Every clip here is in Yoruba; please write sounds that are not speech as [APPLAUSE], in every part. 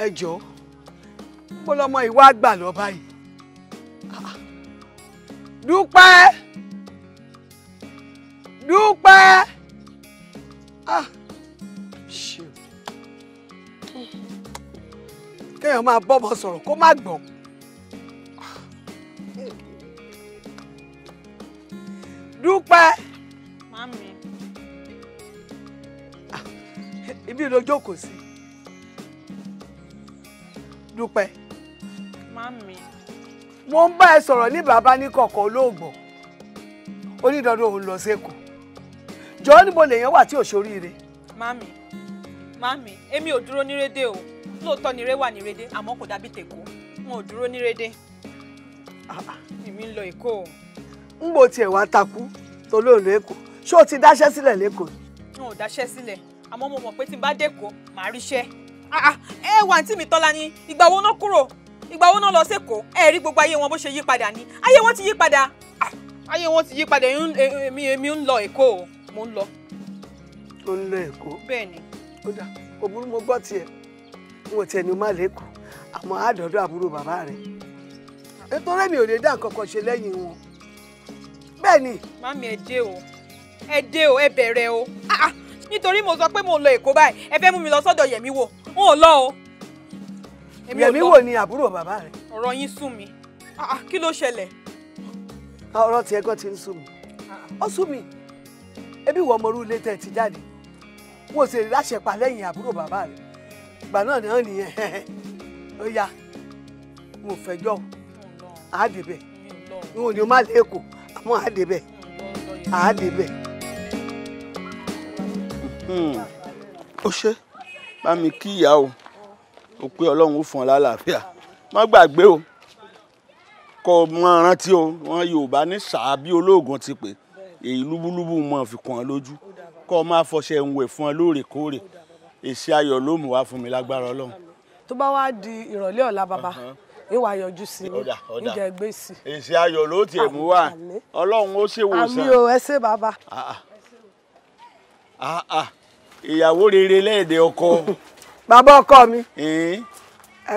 ẹ jọ mo lọmọ ìwà àgbà lọ báyìí dúpẹ́ dúpẹ́ ah ṣe kéèyàn máa bọ́mọ sọ̀rọ̀ kó má gbọ́. dúpẹ́. mami. Ah, ibi ló jókòó sí. dúpẹ́. mami. mo ń bá ẹ sọ̀rọ̀ ní bàbá ní kọ̀ọ̀kan olóògbọ̀ onídọ́dọ̀ òun lọ sẹ́kọ̀ọ́ jọ níbo lèèyàn wà tí ò ṣoríire. mami mami èmi ò dúró ní rédè o lóòótọ́ ni ré wà ní rédè àmọ́ kò dàbí tèkó wọn ò dúró ní rédè èmi ń lọ èkó o. ń bo tiẹ̀ wá takú tolóòlù èkó ṣé o ti dáṣẹ́ sílẹ̀ lẹ́kọ̀ọ́. n ò dáṣẹ́ sílẹ̀ àmọ́ mo mọ̀ pé tí n bá dẹ́kọ̀ọ́ màá ríṣẹ́. Ah, ah, ẹ wà àǹtí mi tọ́lá ni ìgbà wo náà kúrò ìgbà wo náà lọ sẹ́kọ̀ọ́ ẹ rí gbogbo ayé wọn bó ṣe yí padà ni ayé wọn ti yí padà ah, ayé wọn ti yí padà èmi èmi ń lọ èkó o mo ń lọ. o ń lọ èkó. bẹ́ẹ̀ ni. ó dà òbúrú mo gbọ́ tiẹ̀ n ò tiẹ̀ ní má lẹ́kọ̀ọ́ àmọ́ àádọ́dọ́ àbúrò bàbá rẹ̀ nítorí mi ò lè dá nǹkan kan ṣe lẹ́yìn wọn bẹ́ẹ̀ ni. mami ẹ dé o ẹ dé o ẹ bẹ̀rẹ̀ o nítorí mo sọ pé mo ń lọ èkó báyìí ẹ fẹ́ mú mi lọ sọ́dọ̀ yẹ̀mí wò n ò lọ o. Yẹ̀mí wò ni àbúrò bàbá rẹ̀. ọ̀rọ̀ yín sú mi ah, kí ló ṣẹlẹ̀. ọ̀rọ̀ tiẹ̀ gan ti ń sú mi ah. ó sú mi ebi wọ́n mọ̀rú ilé tẹ̀ ti jáde wọ́n sì láṣẹ pa lẹ́yìn àbúrò bàbá rẹ̀ ìgbà náà náà nìyẹn ó yá mo fẹjọ́ àádébẹ̀ n ò ní o má lẹ́kọ̀ọ́ àmọ́ àádébẹ̀ àádébẹ̀. Hmm. ó ṣe. Hmm bá mi kí ìyá o o pé ọlọ́run ó fún ọ lálàáfíà má gbàgbé o kọ mọ rántí o wọn yorùbá ní sàábí olóògùn ti pè èyí lúbúlúbú mọ fi kàn án lójú kọ máa fọṣẹ ń wẹ̀ fún ọ lóòrèkóòrè èsì ayọ̀ ló mú wá fún mi lágbára ọlọ́run. tó bá wá di ìrọ̀lẹ́ ọ̀la bàbá ìwà yọjú sí i níjà ẹgbẹ́ sí i. èsì ayọ̀ ló tiẹ̀ mú wá ọlọ́run ó ṣèwòsàn. àmì o ẹ ṣé bàbá. Ah, ah. Ah, ìyàwó rere lẹ́ẹ̀dẹ̀ ọkọ. [LAUGHS] bàbá ọkọ mi ẹ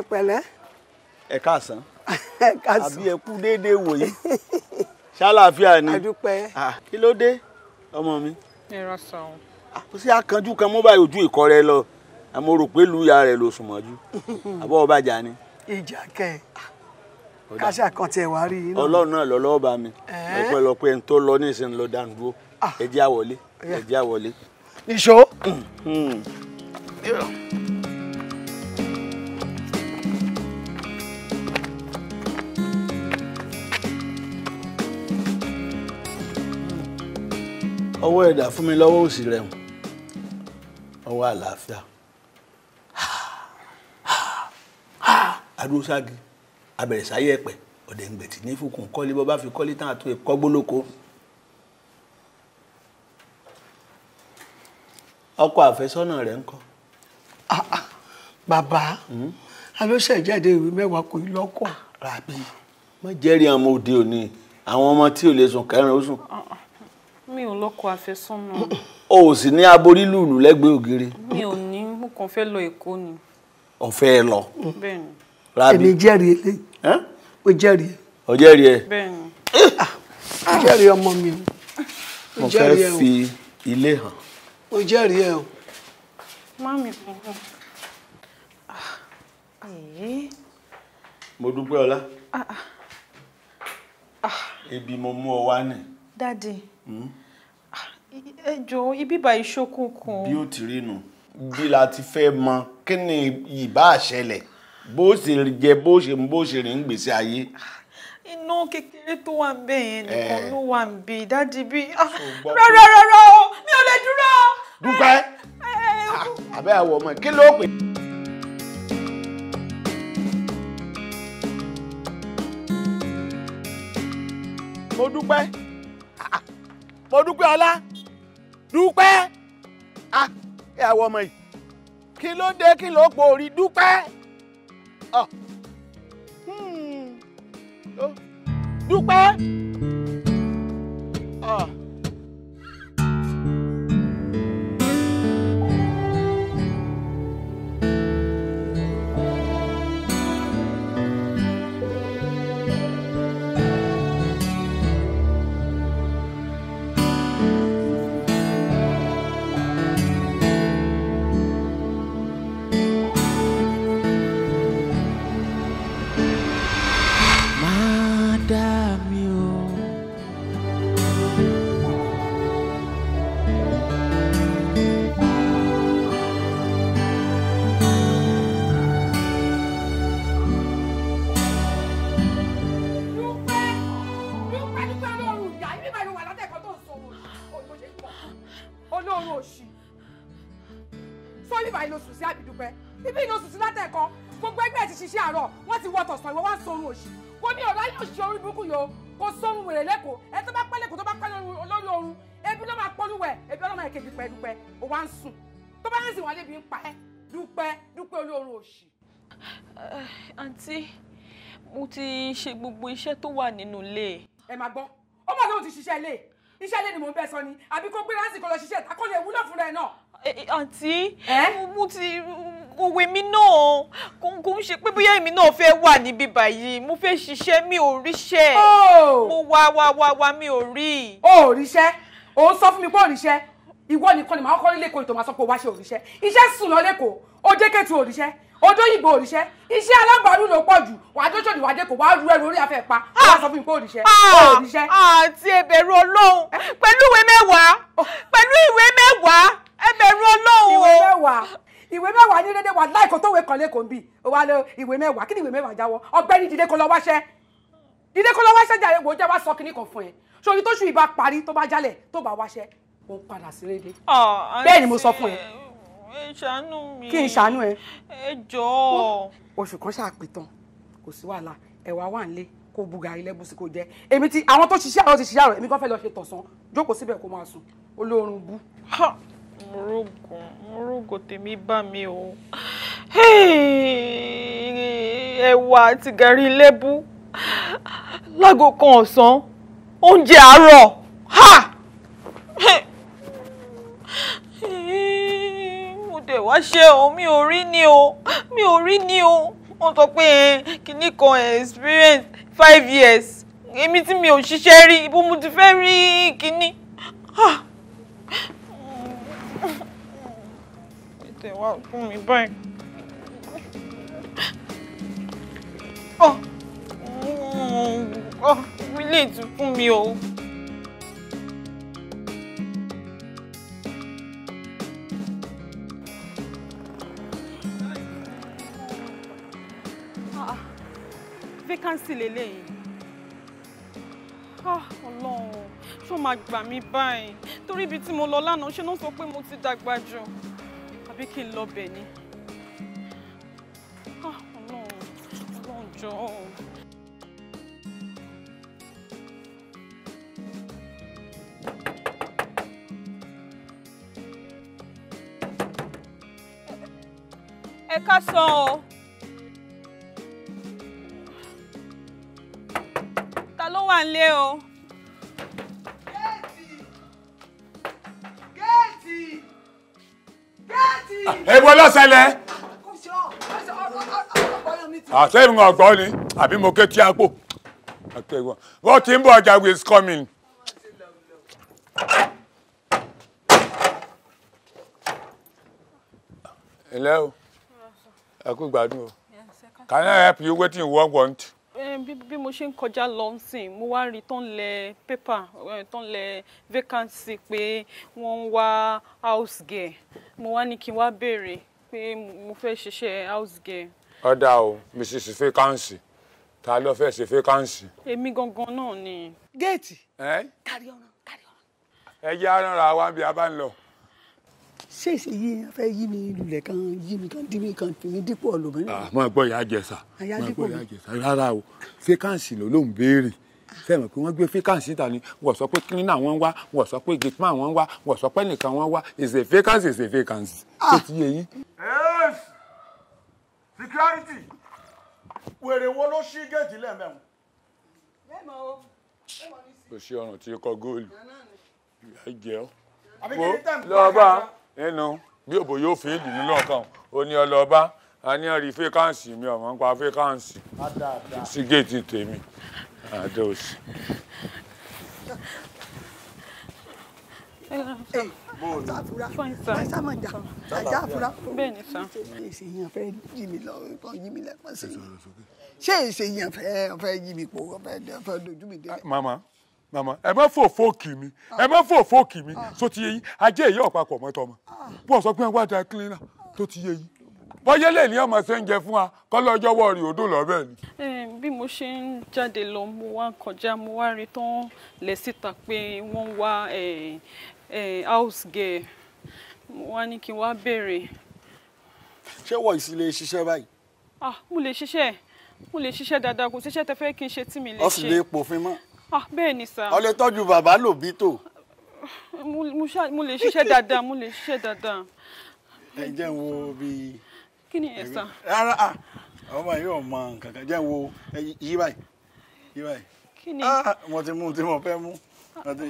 pẹ̀lẹ́. [LAUGHS] ẹ káàsán àbí ẹ kú déédéé wòye ṣàlàáfíà ni àdúpẹ́ kí ló dé ọmọ mi. ẹ̀rọ sọ̀rọ̀. kò sí akànjú kan mo bá ojú ìkọ rẹ lọ àmọ́ rò pé lu ìyá rẹ ló sùn mọ́jú [LAUGHS] àbọ̀ ọba jà ni. ìjà kẹ káṣà kan tiẹ̀ wá rí iná. ọlọ́run náà lọ́lọ́ọ̀bá mi ọpẹ́lọpẹ́ ń tó lọ ní ìsìn lọ dànù dúró ẹ jẹ́ àwọlé ẹ jẹ́ àwọlé. Ìṣó. ọwọ́ ẹ̀dá fún mi lọ́wọ́ òsì rẹ̀ ọwọ́ àlàáfíà adúrósági abẹ̀rẹ̀sáyé ẹ̀pẹ̀ ọ̀dẹ̀ǹgbẹ̀tì ní fúnkún kọ́lé bọ́ bá fi kọ́lé tán àtúnyẹ̀ kọ́gbólóko. ọkọ àfẹ́sọ́nà rẹ̀ ńkọ́. Ah, ah, bàbá hmm? alóṣèjáde ìwé mẹ́wàá kò í lọ́kọ̀ ràbí. má jẹ́rìí àwọn òde òní àwọn ọmọ tí ò lè sùn kẹrin ó sùn. Ah, mi ò lọ́kọ àfẹ́sọ́nà. o ò sì ní aborí lùlù lẹ́gbẹ̀ẹ́ ògiri. mi ò ní mo kàn fẹ́ lọ Èkó ni. ọ̀fẹ́ lọ. bẹ́ẹ̀ni. ràbí èmi jẹ́rìí eléyìí. ó jẹ́rìí. ó jẹ́rìí ẹ. bẹ́ẹ̀ni. jẹ́rìí ọmọ mi. mo fẹ́ fi ilé hàn o jẹ́rìí ẹ o. Mami kúrò. Ah, mo dúpẹ́ ọlá. Ibi ah, ah. mo mú ọ wá nì. Dádì. Hmm? Ẹ ibi báyìí ṣókùnkùn. Bí ó ti rí nu, bí la ti fẹ́ mọ, kí ni ìbá àṣẹlẹ̀? Bó ṣe jẹ bó ṣe bó ṣe rìn gbèsè ayé iná kékeré tó wà ń bẹ̀ yẹn nìkan eh. ló wà ń bẹ̀ dáàdi bí rárá rárá o mi ò lè dúró dúpẹ́ àbẹ́ eh, eh, ah, eh. àwọ̀ ọmọ kí ló pè. mo dúpẹ́ ah, ah. mo dúpẹ́ ọlá dúpẹ́ ẹ àwọ̀ ọmọ yìí kí ló dé kí ló pò orí dúpẹ́ hmm. oh. dúpẹ́. iṣẹ́ tó wà nínú ilé. ẹ máa gbọ́ ó mọ̀ lóun ti ṣiṣẹ́ ilé iṣẹ́ ilé ni mò ń bẹ́ sọ ni àbí kó gbé lásìkò lọ ṣiṣẹ́ ìta kó lè wúlò fúnra ẹ̀ náà. àǹtí mo ti òwe mi náà kò ń ṣe pé bóyá èmi náà fẹ́ wà níbí báyìí mo fẹ́ ṣiṣẹ́ mi ò ríṣẹ́ mo wá wá wá wá mi ò rí. o ò ríṣẹ́ o ń sọ fún mi pé ò ríṣẹ́ ìwọ nìkan ni màá kọ́ nílé kó ètò màá sọ pé o wá ṣe òríṣẹ́ iṣẹ́ sùn lọ lẹ́kọ̀ọ́ ó jẹ́ kẹ́tù òríṣẹ́ odóyìnbó òrìṣẹ́ iṣẹ́ alágbàdún ló pọ̀ jù wàá tó ṣòdì wàá dé kò wàá ru ẹrù orí afẹ́ pa wàá sọ fún mi pé òrìṣẹ́ ah, ah, òrìṣẹ́. àti ìbẹ̀rù ọlọ́run eh? pẹ̀lú ìwé mẹ́wàá oh. pẹ̀lú ìwé mẹ́wàá ẹ̀bẹ̀rù ọlọ́run o. ìwé mẹ́wàá ìwé mẹ́wàá ní dédé wà láì kó tó wé kan lẹ́kọ̀ọ́ bí o wá lọ ìwé mẹ́wàá kí ni ìwé mẹ́wàá jáwọ́ ọgbẹ́ni dìde kó lọ wáṣẹ́ dìde kó lọ wáṣẹ́ jàre wò ó jẹ́ wá sọ kinní kan fún ẹ sórí tóṣù ìbá parí tó bá jálẹ̀ tó bá wáṣẹ́ ó ń padà sí rédè ah, bẹ́ẹ̀ ni mo sọ fún ẹ ẹ ṣàánú mi kí n ṣàánú ẹ ẹ jọ̀ọ́. oṣù kan ṣàpè tán kò sí wàhálà ẹ̀wà wà nílé kó bu gàrí lẹ́bùsí kó jẹ èmi ti àwọn tó ṣiṣẹ́ àrò ti ṣiṣẹ́ àrò èmi kan fẹ́ lọ ṣe tọ̀sán jókòó síbẹ̀ kó máa sùn olóorun bú. murugo murugo tèmi bá mi o ẹ̀wà àti gàrí lẹ́bù láago kan ọ̀sán oúnjẹ àárọ̀. Ha! wá ṣe o mi ò rí ni o mi ò rí ni o wọ́n sọ pé kinní kan experience five years èmi tí mi ò ṣiṣẹ́ rí ibo mo ti fẹ́ rí kinní. ètò ìwà fún mi báyìí. Oh, oh, oh, relate fún mi o. Oh. vacancy lélẹ́yìn. Ah, ọlọ́run ṣó máa gbà mí báyìí torí ibi tí mo lọ lánàá ṣe náà sọ pé mo ti dàgbà jù àbí kí n lọ bẹ̀ ni. Ah, ọlọ́run ọlọ́run jọ̀ọ́. ẹ ká sọ ọ. ń lé o. gẹ́ẹ̀tì gẹ́ẹ̀tì. Ah, ewu ọlọ́sẹ̀lẹ̀. àtẹ̀yìn ọ̀gbọ́n ni àbí mo ké tí a pò. wọ́n ti ń bọ̀ ọjà Hello. I Can I help you? What do you want? Eh, bí mo ṣe ń kọjá lọ sìn mo wá rí tán lẹ pépà eh, tán lẹ vacancy pé wọ́n ń wá house girl mo wá ní kí n wá béèrè pé mo fẹ́ ṣiṣẹ́ house girl. ọ̀dà o mrs vacancy ta ló fẹ́ ṣe vacancy. èmi gangan náà ni. géètì. kárí ọ̀ràn kárí ọ̀ràn. ẹ jẹ́ àrànra wa bí a bá ń lọ ṣé ìṣèyí yẹn fẹ́ yí mi lulẹ̀ kan yí mi kan dí kan fi mi dípò olómìnira. Ah, àmọ́ ẹ̀gbọ́n ìyá àjẹsà àmọ́ ẹ̀gbọ́n ìyá àjẹsà rárá o fíkàǹsì ló ló ń béèrè fẹ́ẹ̀mọ̀ pé wọ́n gbé fíkàǹsì ta ni wọ́n sọ pé kílínà wọ́n wá wọ́n sọ pé gitman wọ́n wá wọ́n sọ pé nìkan wọ́n wá is a vacancy is tó ti yé yín. yes security wèrè wo ló ṣí géètì lẹ́ẹ̀mẹ́rin. bẹ́ẹ̀ mọ̀ o kò sí ọ̀ràn tí kò góòlù ìyá jẹ́ ọ́ lọ́ọ́ bá nínú bí òbò yóò fi ìlú lọ́kàn ó ní ọlọ́ba a ní ọ̀rí fẹ́káǹsì mi ọ̀mọ́ ń pa fẹ́káǹsì sí géètì tèmi àdé òsì. ṣé èsè yẹn fẹ́ yí mi po ọ̀fẹ́ dojú mi dé. mama mama ẹ má fò fóòkì mi ẹ má fò fóòkì mi ah. so ti yé yín ajé èyí ọ̀pápọ̀ mọ́tọ́ mọ́ bọ́ọ̀ ah. sọ pé wá da cleaner tó ti yé yín bọ́yẹ́ lè ní ọmọ ṣe ń jẹ fún wa kọ́lọ́jọ́ wọ rìn odò lọ́bẹ̀ ni. bí mo ṣe ń jáde lọ mo wá kọjá mo wá rí tán lẹ̀ síta pé wọ́n wá house girl mo wá ní kí n wá béèrè. ṣé wọ́n ìsìn ṣiṣẹ́ báyìí. ah mo lè ṣiṣẹ́ mo lè ṣiṣẹ́ dáadáa kò ṣiṣẹ́ tẹ fẹ́ kí n ṣe tí mi lè ṣe. ọ̀sìn lè pòfin mọ́ ah bẹ́ẹ̀ ni sà. o lè tọ́jú bàbá lòbí tó. mo lè ṣiṣẹ́ dáadáa mo lè ṣiṣẹ́ dáadáa. ẹ jẹ́ n wo bí. kí ni ẹ sà. rárá ah, ọmọ yóò mọ nǹkan kan jẹ́ n wo yí báyìí yí báyìí. kí ni. Ah, ah, mo ti mú tí mo fẹ́ mú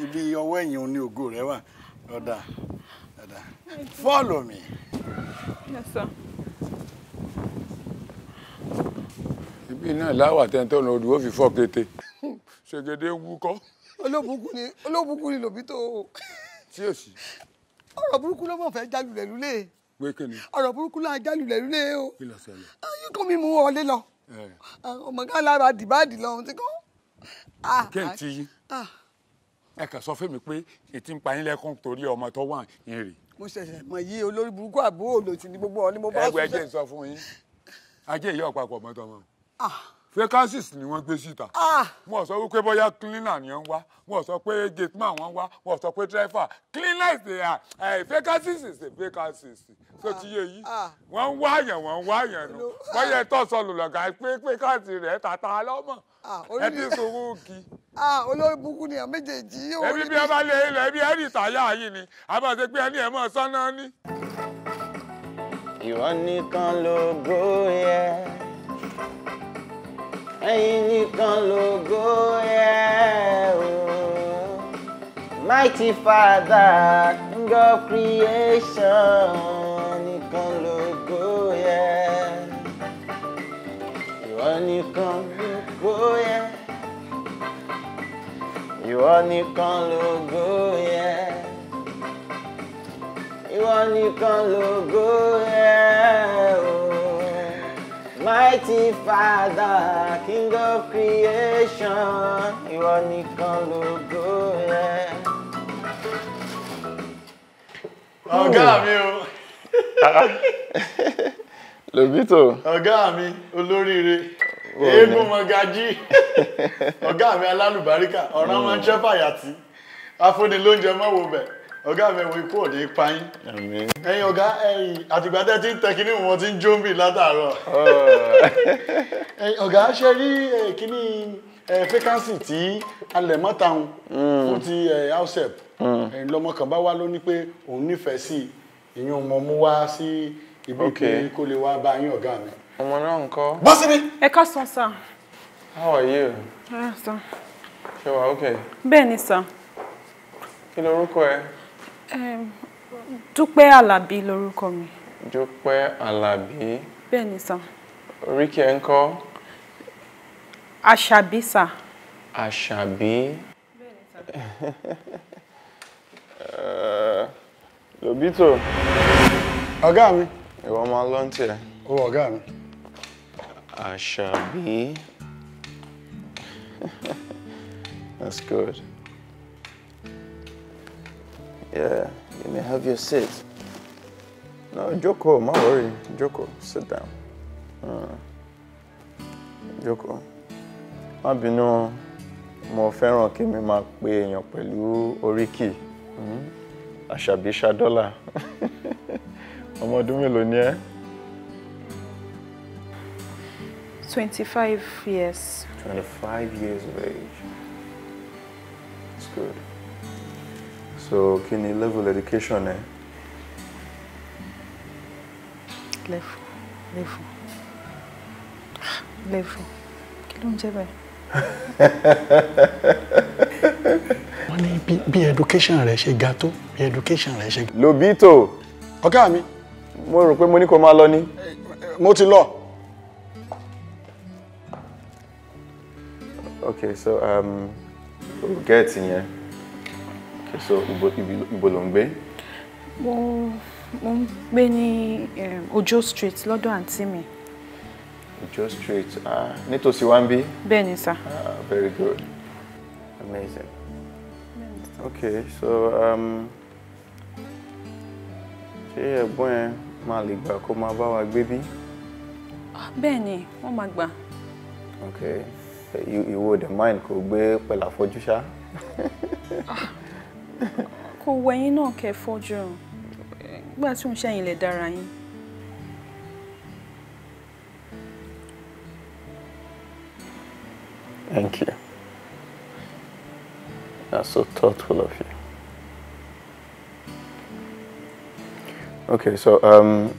ibi ọwọ́ ẹ̀yìn òní ògo rẹ wà ọ̀dà ọ̀dà follow me. Yes, sir. ibi náà láwà tẹ́ntẹ́ ọ̀nà odò ó fi fọ́ kété ṣègede ń wúkọ́. olóbùkún ni olóbùkún ni lòbí tó o. tí o sì. ọ̀rọ̀ burúkú ló mọ̀ fẹ́ jálulẹ̀ lulẹ̀. pé kí ni. ọ̀rọ̀ burúkú ló jálulẹ̀ lulẹ̀ o. kí ló ṣẹlẹ̀. ayé ah, kan mi mú wọlé lọ. Ah, ọmọ ká lára dìbàdì lọ ohun tí kò. Ah, kẹ́ǹtì yìí ẹ kàn sọ fún mi pé ètí ń pa yín lẹ́kùn torí ọmọ tó wà yín rè. mo ṣẹ̀ṣẹ̀ mọ̀ yí olórí burúkú àbúrò lòtì ní gbogbo ọ ní mo bá sùn. ẹgbẹ́ ẹjẹ́ sọ fún yín ajé ìyá ọ̀pá pọ̀ mọ́tọ́ mọ́ vacancies ni wọ́n gbé síta. Ah! wọ́n sọ wípé bóyá cleaner ni wọ́n wá wọ́n sọ pé gate man wọ́n wá wọ́n sọ pé driver cleaner eh, is there uh, vacancies is vacancies so ti yé ah, ah. yìí wọ́n ń wá àyàn wọ́n ń wá àyàn nù bóyá tó sọ lùlọ̀gà pé pé káàtì rẹ̀ tàtà lọ́mọ̀ ẹ ti sọ̀rọ̀ kí. olórí bukú ni àméjèèjì yóò rí mi. ẹbí bí a bá lè ilẹ̀ e ẹbí ẹ̀rì ìtàyà yìí ni a máa ṣe pé ẹni ẹ̀ mọ̀ sánná ní. ìwọ nìkan ló gbó yẹ. ẹ̀yin nìkan lógo yẹ oh. mighty father god creation nìkan lógo yẹ. ìwọ nìkan lógo yẹ. ìwọ nìkan lógo yẹ. ìwọ nìkan lógo yẹ. mighty father king of creation ìwọ nìkan lógo rẹ. ọ̀gá hmm. mi o. [LAUGHS] lobito. ọ̀gá mi olóríire eégún mọ̀gájí [LAUGHS] ọ̀gá mi alálùbáríkà ọ̀ràn máa ń ṣẹ́fàyàtì afúnilóúnjẹ mọ́wọ́ bẹ̀. ọ̀gá mi wo ikú òde payín ẹ̀yin ọ̀gá ẹ̀yin àtìgbà tẹ́ ti ń tẹ kíní wọn ti ń jó ń bì látàárọ̀ [LAUGHS] ẹ̀yin ọ̀gá ṣe rí kíní fẹ́kánsì tí alẹ̀mọ́tàun hmm. fún ti housep hmm. ẹ̀yin lọ́mọ kan bá wá ló ní pé òun nífẹ̀ẹ́ sí ìyún ọmọ mú wá sí ibi pé kó lè wá bá yín ọ̀gá mi. ọmọ náà ń kọ́. bọ́ síbi. ẹ ká sàn sàn. how are you. ẹ ah, sàn. ṣé wàá ok. bẹ́ẹ̀ ni sàn. kí lorúkọ ẹ. Dúpẹ́ Àlàbí lorúkọ mi. Dúpẹ́ Àlàbí. Bẹ́ẹ̀ni sà. Oríkì ẹ̀ ń kọ́. Àṣàbí Àṣàbí. Eh, Lobito. Ọ̀gá mi. Ìwọ máa lọ mi. Àṣàbí. [LAUGHS] That's good. Yeah, you may have your seat. No, Joko, my worry. Joko, sit down. Uh, hmm. Joko. Má mo fẹ́ràn kí ma pe eyan pelu oriki Àṣàbí Ṣadọ́là. [LAUGHS] Ọmọ ọdún mélòó ni Twenty-five years. twenty years of age. It's good. so kí ni level education ẹ. level level level kí ló ń jẹ́ bẹ́ẹ̀. [LAUGHS] wọ́n ní bí education rẹ̀ ṣe ga tó bí education rẹ̀ ṣe. lobito. ọ̀gá mi. mo rò pé mo ní kó máa lọ ni. mo ti lọ. okay so um, get yẹn. Yeah so ibo ló ń gbé. mo mo ń gbé ní Ojo street lọ́dọ̀ àǹtí mi. Ojo street ah, nítòsí wa ń bí. bẹ́ẹ̀ni sá. Ah, very good amazing okay so um, ṣé ẹ̀gbọ́n ẹ máa lè gbà kó máa bá wa gbé bí. Ah, bẹ́ẹ̀ni wọ́n máa gbà. okay ìwọ ò dẹ̀ mind kò gbé pẹ̀lú àfojúsá. kò wẹ̀yìn náà kẹ́ fọ́jú rùn nígbà tí òun ṣẹ̀yìn lè dára yín. Thank you. That's so thoughtful of you. Okay, so um,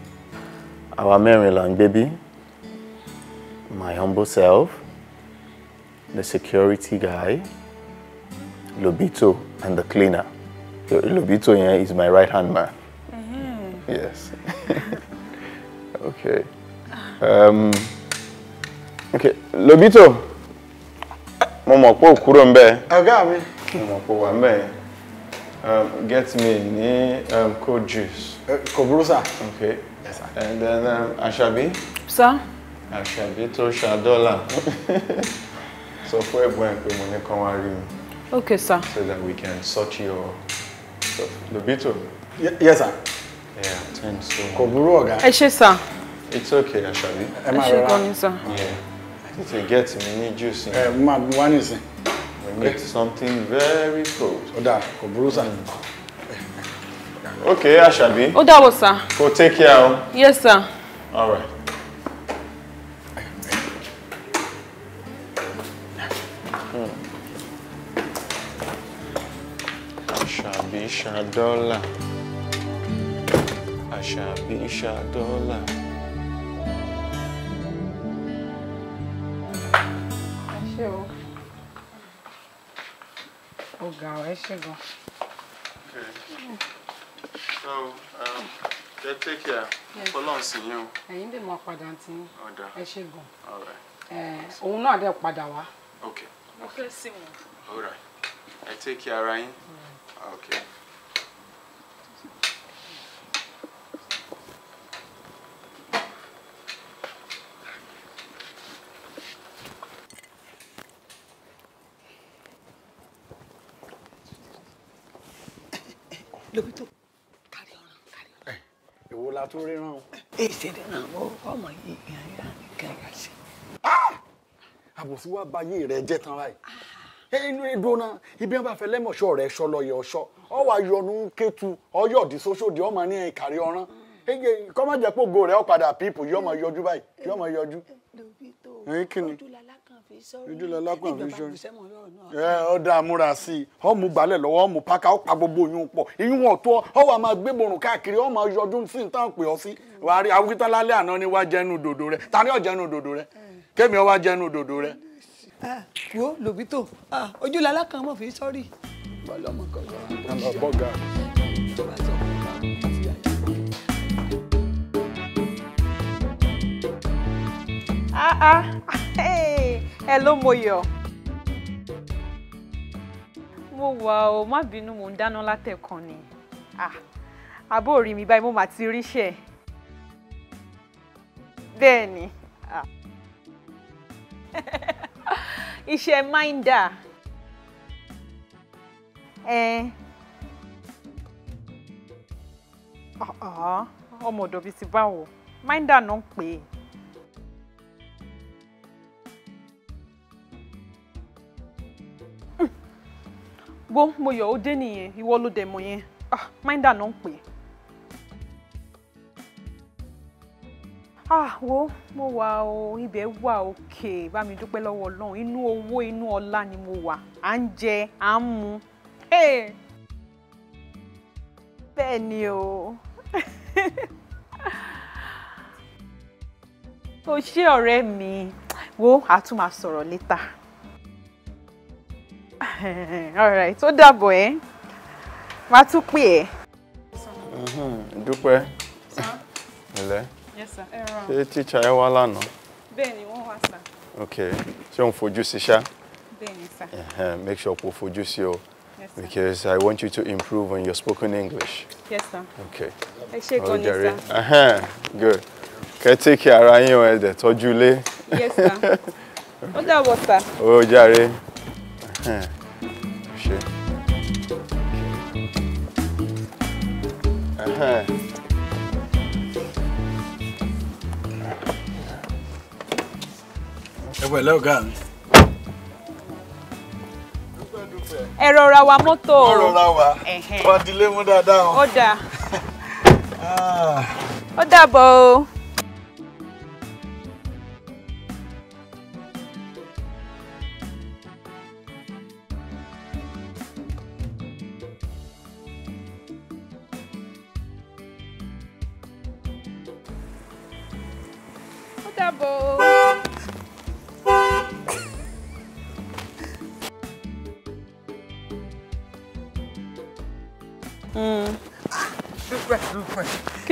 our Maryland baby, my humble self, the security guy, Lobito, and the cleaner. Lobito is my right hand man. Mm-hmm. Yes. [LAUGHS] okay. Um, okay Lobito Mama mọ̀ pé òkúrò ń bẹ́ẹ̀. ọ̀gá mi. mo mọ̀ pé wà um, get me ní um, cold juice. Uh, eh, Kobrusa. Okay. Yes, sir. And then um, Ashabi. Sir. Ashabi to shadola. So for fún ẹ̀gbọ́n ẹ̀ pé mo ní Okay, sir. So that we can sort your stuff. The beetle? yes, sir. Yeah, thanks so much. Kò burú sir. It's okay, Ashabi. Ẹ máa rọra. Ẹ ṣé gan ni sir. Yeah. Tètè get mi ní juice Eh, Ẹ one is. We need something very cold. Oda, dáa, kò sir. Mm. Okay, Ashabi. Oda, what, sir. Go take care oh. Yes, sir. All right. Ṣadọ́là Àṣàbí Ṣadọ́là. ẹ ṣé o ọ̀gá ẹ ṣé gan. Okay. So, um, take care. Fọlọ́n sí yín o. Ẹ̀yin lè mọ padà tí ẹ ṣe gan. Òun náà dẹ̀ padà wá. Okay. Mo fẹ́ sí wọn. All Ẹ take care ara yín. okay. lóbi tó kárí ọ̀ràn kárí ọ̀ràn. èwo la tó rí rán. ìṣẹ̀lẹ̀ náà wọ́n ọmọ yìí yàn yàn nìkan yà sí. Ah! àbòsí wa ba yé rẹ jẹ tán báyìí inú ìdúná ibi wọn bá fẹ́ lẹmọṣọ rẹ ṣọ lọyọ ọṣọ ọwọ ayọnu kẹtù ọyọdì sọṣọdì ọmọ ní ìkàrí ọ̀ràn kọ́mọ̀ jẹ́ pé ògo rẹ̀ ọ̀padà pípò yóò máa yọjú báyìí yóò máa yọjú. lóbi tó ojúlọlá kan fi sọrí ojúlọlá kan fi sọrí ẹ ọ dáa múra sí i ọ mú gbalẹ̀ lọ́wọ́ ọ mú paka ọ pa gbogbo oyún pọ̀ iyún wọn tó ọ wà máa gbé borùn káàkiri ọ máa yọdún sí ní táwọn pè ọ sí rí awúkítán lálẹ́ àná ni jẹnu rẹ tani ọ jẹnu dodo rẹ kémi ọ wàá jẹnu rẹ. wo fi balẹ̀ ọmọ kankan ah ah wò wá o má bínú mò ń dáná látẹ̀kàn ni àbó ah, rí mi báyìí mo mà ti ah, bẹ́ẹ̀ minda? Eh? máìndà ẹ ọmọ ọ̀dọ̀ bíi ti báwo máìndà náà ń pè wo mo yọ ó dé nìyẹn ìwọ ló dẹ̀ mo yẹn ah máìndà náà ń pè é. ah wo mo wà o ibẹ̀ wà òkè bá mi dúpẹ́ lọ́wọ́ ọlọ́run inú owó inú ọlá ni mo wà à ń je, à ń mu. bẹ́ẹ̀ ni o [LAUGHS] o ṣé ọ̀rẹ́ mi wo a tún máa sọ̀rọ̀ létà. [LAUGHS] alright ó dàbọ̀ ẹ́ eh? máa tún pè ẹ́. Mhm, dúpẹ́ ilẹ̀ ṣé tíṣà ẹ wá lánàá. bẹ́ẹ̀ ni wọ́n wá sà. ok ṣé òun fojú sí ṣá. bẹ́ẹ̀ ni make sure kó fojú sí o. Because I want you to improve on your spoken English. Yes, sir. Okay. Ẹ ṣé gan ni, sir. uh Good. Kẹ́ take care ara yín o, ẹ dẹ̀ tọ́jú ilé. Yes, sir. [LAUGHS] Ó dàbọ̀, sir. Ó jàre ṣe. ẹ pẹ̀lẹ́ ọ̀gá mi. ẹ rọra wa mọ́tò. ó rọra wa wá dilé mú dáadáa. ó dáa ah. ó dàbọ̀ o.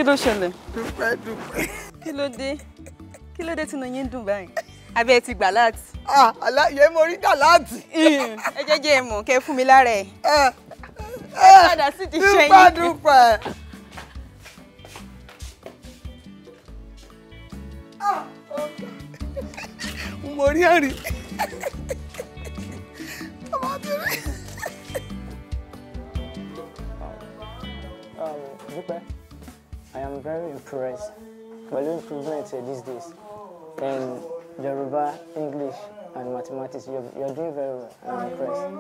kí ló ṣẹlẹ̀. dúpẹ́ dúpẹ́. kí ló dé kí ló dé tí inú yín dùn báyìí abẹ́ ti gbà láti. àlàyé mo rí dà láti. ẹ jẹ́jẹ́ ẹ mọ̀ kẹ́ fún mi lára ẹ̀. ẹ padà sí ti ṣẹ́yìn. dúpẹ́ dúpẹ́. mo rí ẹ̀rín. ọmọbìnrin. dúpẹ́. I am very impressed pẹ̀lú improvement eh, these days in Yoruba, English, and mathematics. You're, you're doing very well. I'm impressed.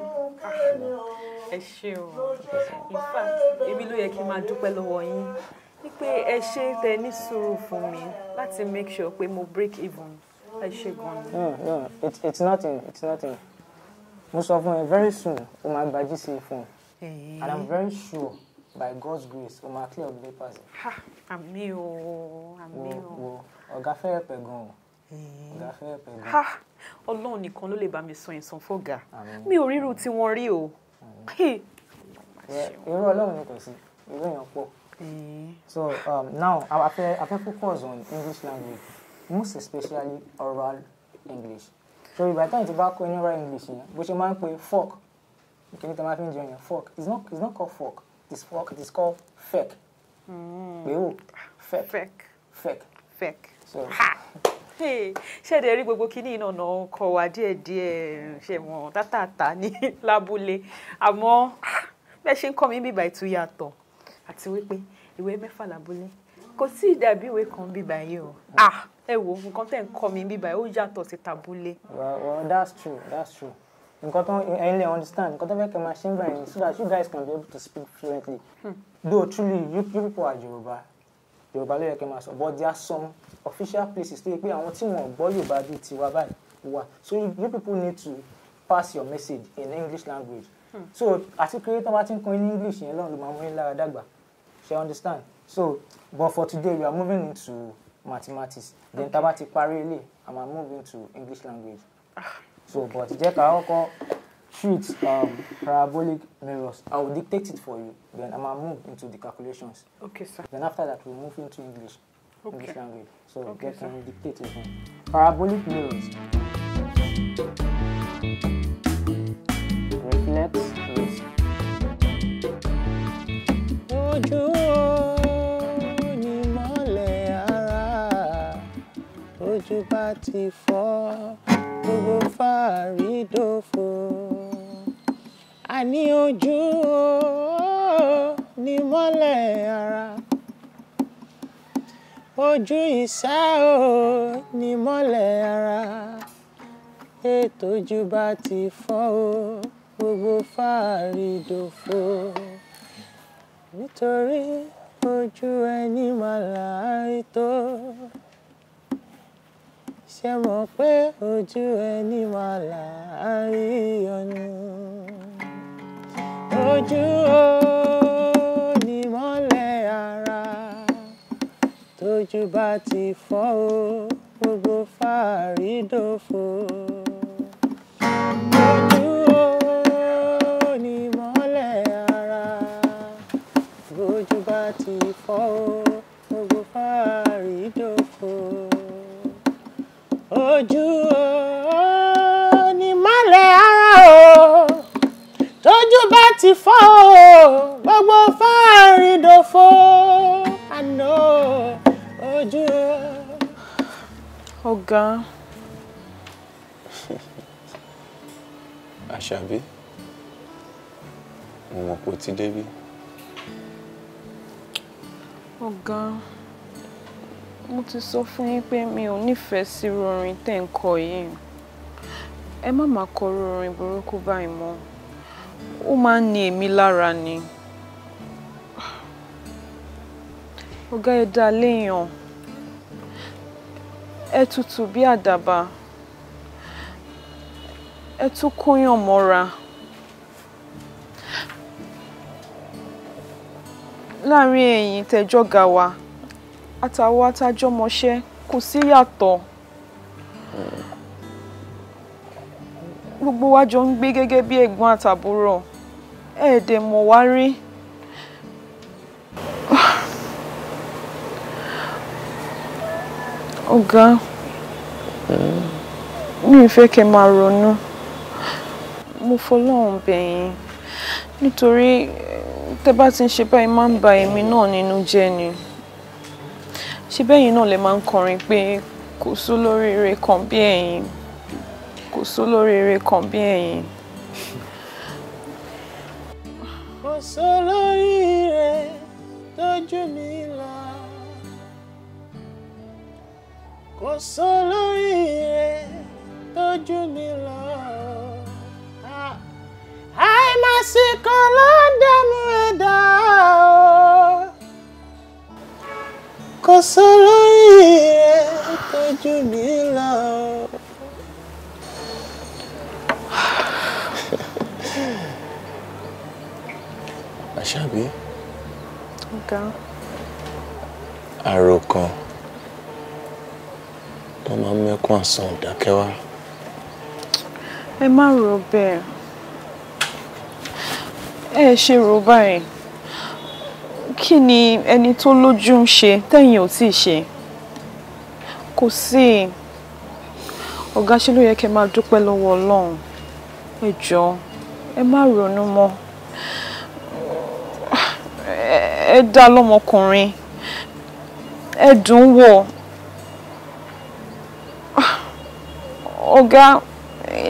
Ẹ ṣé o. In fact, èmi ló yẹ kí n máa dúpẹ́ lọ́wọ́ yín wípé ẹ ṣe tẹ ní sùúrù fún mi láti make sure pé mo break even. Ẹ ṣé gan-an. No, no, it, it's nothing, it's nothing. Mo sọ fún ẹ very soon, o máa gbajú sí i fún ẹ. And I'm very sure by God's grace o máa clear ọdún papers. àmì o àmì o. wo ọ̀gá fẹ́rẹ̀ pẹ̀ gan-an eh. ọ̀gá fẹ́rẹ̀ pẹ̀ gan-an. ọlọ́run nìkan ló lè bá mi sọ ìsan fọ́gà mi ò ríru tí wọ́n rí o. irú ọlọ́run ni kò sí irú èèyàn pọ̀. Eh. so um, now a fẹ́ a fẹ́ focus on English language most especially oral English so ìgbà táyì ti bá kọ́ ní oral English yẹn bó ṣe máa ń pè fork kí ni tí a máa fi ń jẹun yẹn fork it's not it's not called fork. This work, called fake. gbèrú hmm. fake fake fake. ṣé ẹ̀dẹ̀ rí gbogbo kínní ìnànà ọkọ̀ wa díẹ̀díẹ̀ ṣe wọ́n tátàtà ní [LAUGHS] lábúlé àmọ́ bẹ́ẹ̀ ṣe ń kọ́ mi bíbá ìtúyàtọ̀ àti wípé ìwé mẹ́fà lábúlé kò sí ìdàbí ìwé kan bíbá yìí o ah, ẹ wo nǹkan tẹ̀ ń kọ́ mi bíbá yìí ó yàtọ̀ sí tàbúlé. well well that's true that's true nǹkan tó ẹ̀yin understand nǹkan tó a machine, máa so that you guys can be able to speak fluently hmm. though truly you, you people are Yorùbá Yorùbá ló yẹ kẹ́ máa sọ but there are some official places tó yẹ pé àwọn tí wọn gbọ́ Yorùbá bíi tiwa báyìí wà so you, you people need to pass your message in English language hmm. so àti kéré tó bá ti ń kọ́ in English yẹn lọ́run ló máa mú yín lára dàgbà ṣe understand so but for today we are moving into mathematics then tá a bá ti parí ilé a máa move English language. Ah so but jẹ́ ká kọ́kọ́ treat um, parabolic mirrors I will dictate it for you then I ma move into the calculations okay, sir. then after that we move into English okay. English language so okay, get can dictate it parabolic mirrors reflects rays. ojú ni mọ́lẹ̀ ara ojú bá ti gbogbo fàárí dòfo àní ojú ni mọ́lẹ̀ ara ojú ìṣá o ni mọ́lẹ̀ ara ètò ojú bá ti fọ́ o gbogbo fàárí dòfo nítorí ojú ẹni màlárí tó ṣe mọ̀ pé ojú ẹni wà láàárín ọ̀nà ojú o ní mọ́lẹ̀ ara tójú bá ti fọ́ o gbogbo fàárí ojú bá ti fọ́ o gbogbo fàárí ojú ni mọ́lẹ̀ ara o tójú bá ti fọ́ o gbogbo fáàrin dòfo àná ojú. ọ̀gá. [LAUGHS] àṣàbí mo mọ̀ pé ti débí. ọ̀gá. Oh mo ti sọ fún yín pé mi ò nífẹ̀ẹ́ sí rorin tẹ̀ ń kọ yìí ẹ má máa kọ rorin burúkú báyìí mọ́ ó máa ń ní èmi lára ni ọ̀gá ẹ dá léèyàn ẹ tutù bí àdàbà ẹ tún kóyàn mọ́ra. láàrin ẹ̀yin tẹjọ́ ga wa àtàwọn atajọmọṣẹ́ kò sí yàtọ̀ gbogbo wa jọ ń gbé gẹ́gẹ́ bí ẹ̀gbọ́n àtàbúrò ẹ̀ẹ́dẹ̀ mọ̀ wá rí. ọ̀gá mi ò fẹ́ kẹ́ máa ronú mo fọlọ́run bẹ̀ yín nítorí tẹ́ bá ti ń ṣe báyìí máa ń ba èmi náà nínú jẹ́ ni. Mm ṣé bẹ́yìn náà lè máa ń kọrin pé kò sólóríire kan bí ẹ̀yin kò sólóríire kan bí ẹ̀yin. kò sólóríire tójú mi lọ kò sólóríire tójú mi lọ ah, àìmọ̀sí kan ló ń dààmú ẹ̀dá o kò sọ̀rọ̀ rẹ̀ tó jù mí lọ. àṣàbí. ọ̀gá. àrò kan tó máa ń mẹ́kún àsan ọ̀dákẹ́wá. ẹ má rò bẹ́ẹ̀ ẹ ṣe rò báyìí kí ni ẹni tó lójú ń ṣe tẹ́yìn ò tí ì ṣe kò sí ọ̀gá ṣe ló yẹ kẹ́ máa dúpẹ́ lọ́wọ́ ọlọ́run ẹ jọ̀ọ́ ẹ má ronú mọ́ ẹ dá lọ́mọkùnrin ẹ dùn wò ọ̀gá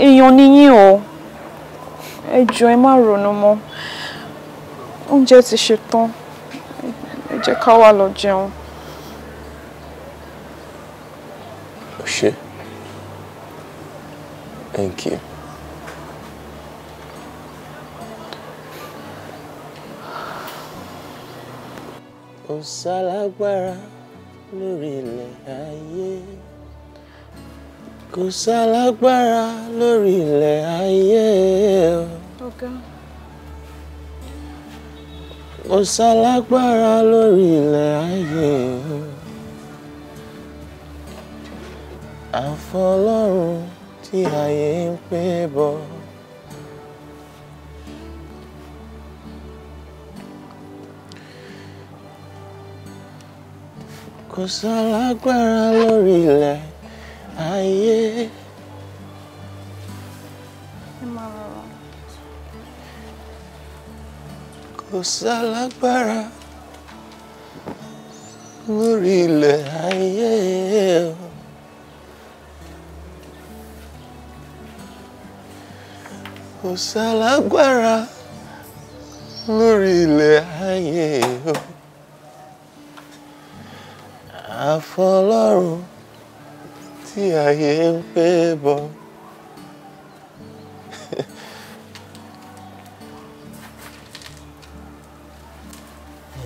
èèyàn níyìn o ẹ jọ̀ọ́ ẹ má ronú mọ́ oúnjẹ ti ṣe tán jẹ́ ká wà lọ jẹun. o ṣe thank you. ó sálágbára lórí ilẹ̀ ayé kò sálágbára lórí ilẹ̀ ayé ọ̀gá. Okay kò sálágbára lórí ilẹ̀ ayé àfọlọ́run tí ayé ń pè bọ̀. kò sálágbára lórí ilẹ̀ ayé. kò sálágbára lórí ilẹ̀ ayé o. kò sálágbára lórí ilẹ̀ ayé o. àfọlọ́run tí ayé ń pè bọ́.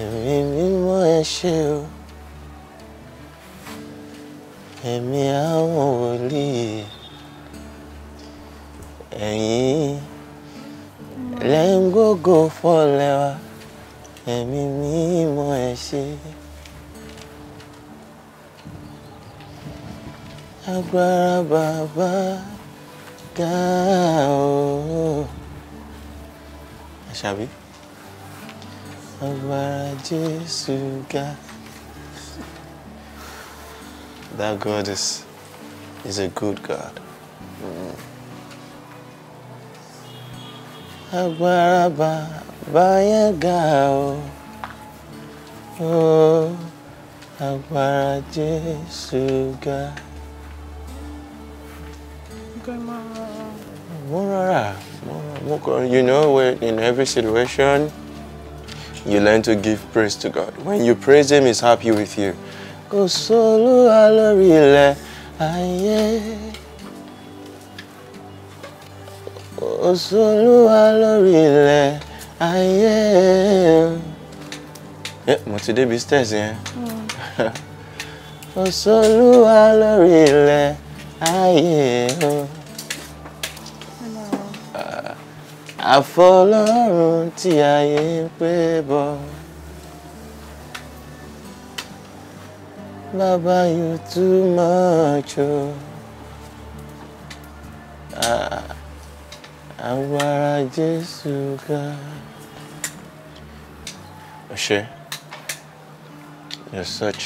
ẹ̀mí mímọ́ ẹ ṣé o ẹ̀mí àwọn wòlíì ẹ̀yin lẹ́ńgógó fọlẹ́wà ẹ̀mí mímọ́ ẹ ṣé. agbára bàbá ga o. àṣàbí. That God is, is a good God. Mm. Agbára you know, in every situation. you learn to give praise to God. When you praise Him, He's happy with you. Oh, solo lórí ilẹ̀ ayé. Kò sólúwa lórí ilẹ̀ ayé. Mo ti débi stairs yẹn. Hmm. Kò sólúwa lórí ilẹ̀ ayé. àfọlọ́run tí ayé ń pè bọ̀. Baba, you too much. Oh. Agbára Jésù ga. Ọ̀ṣẹ́, you're such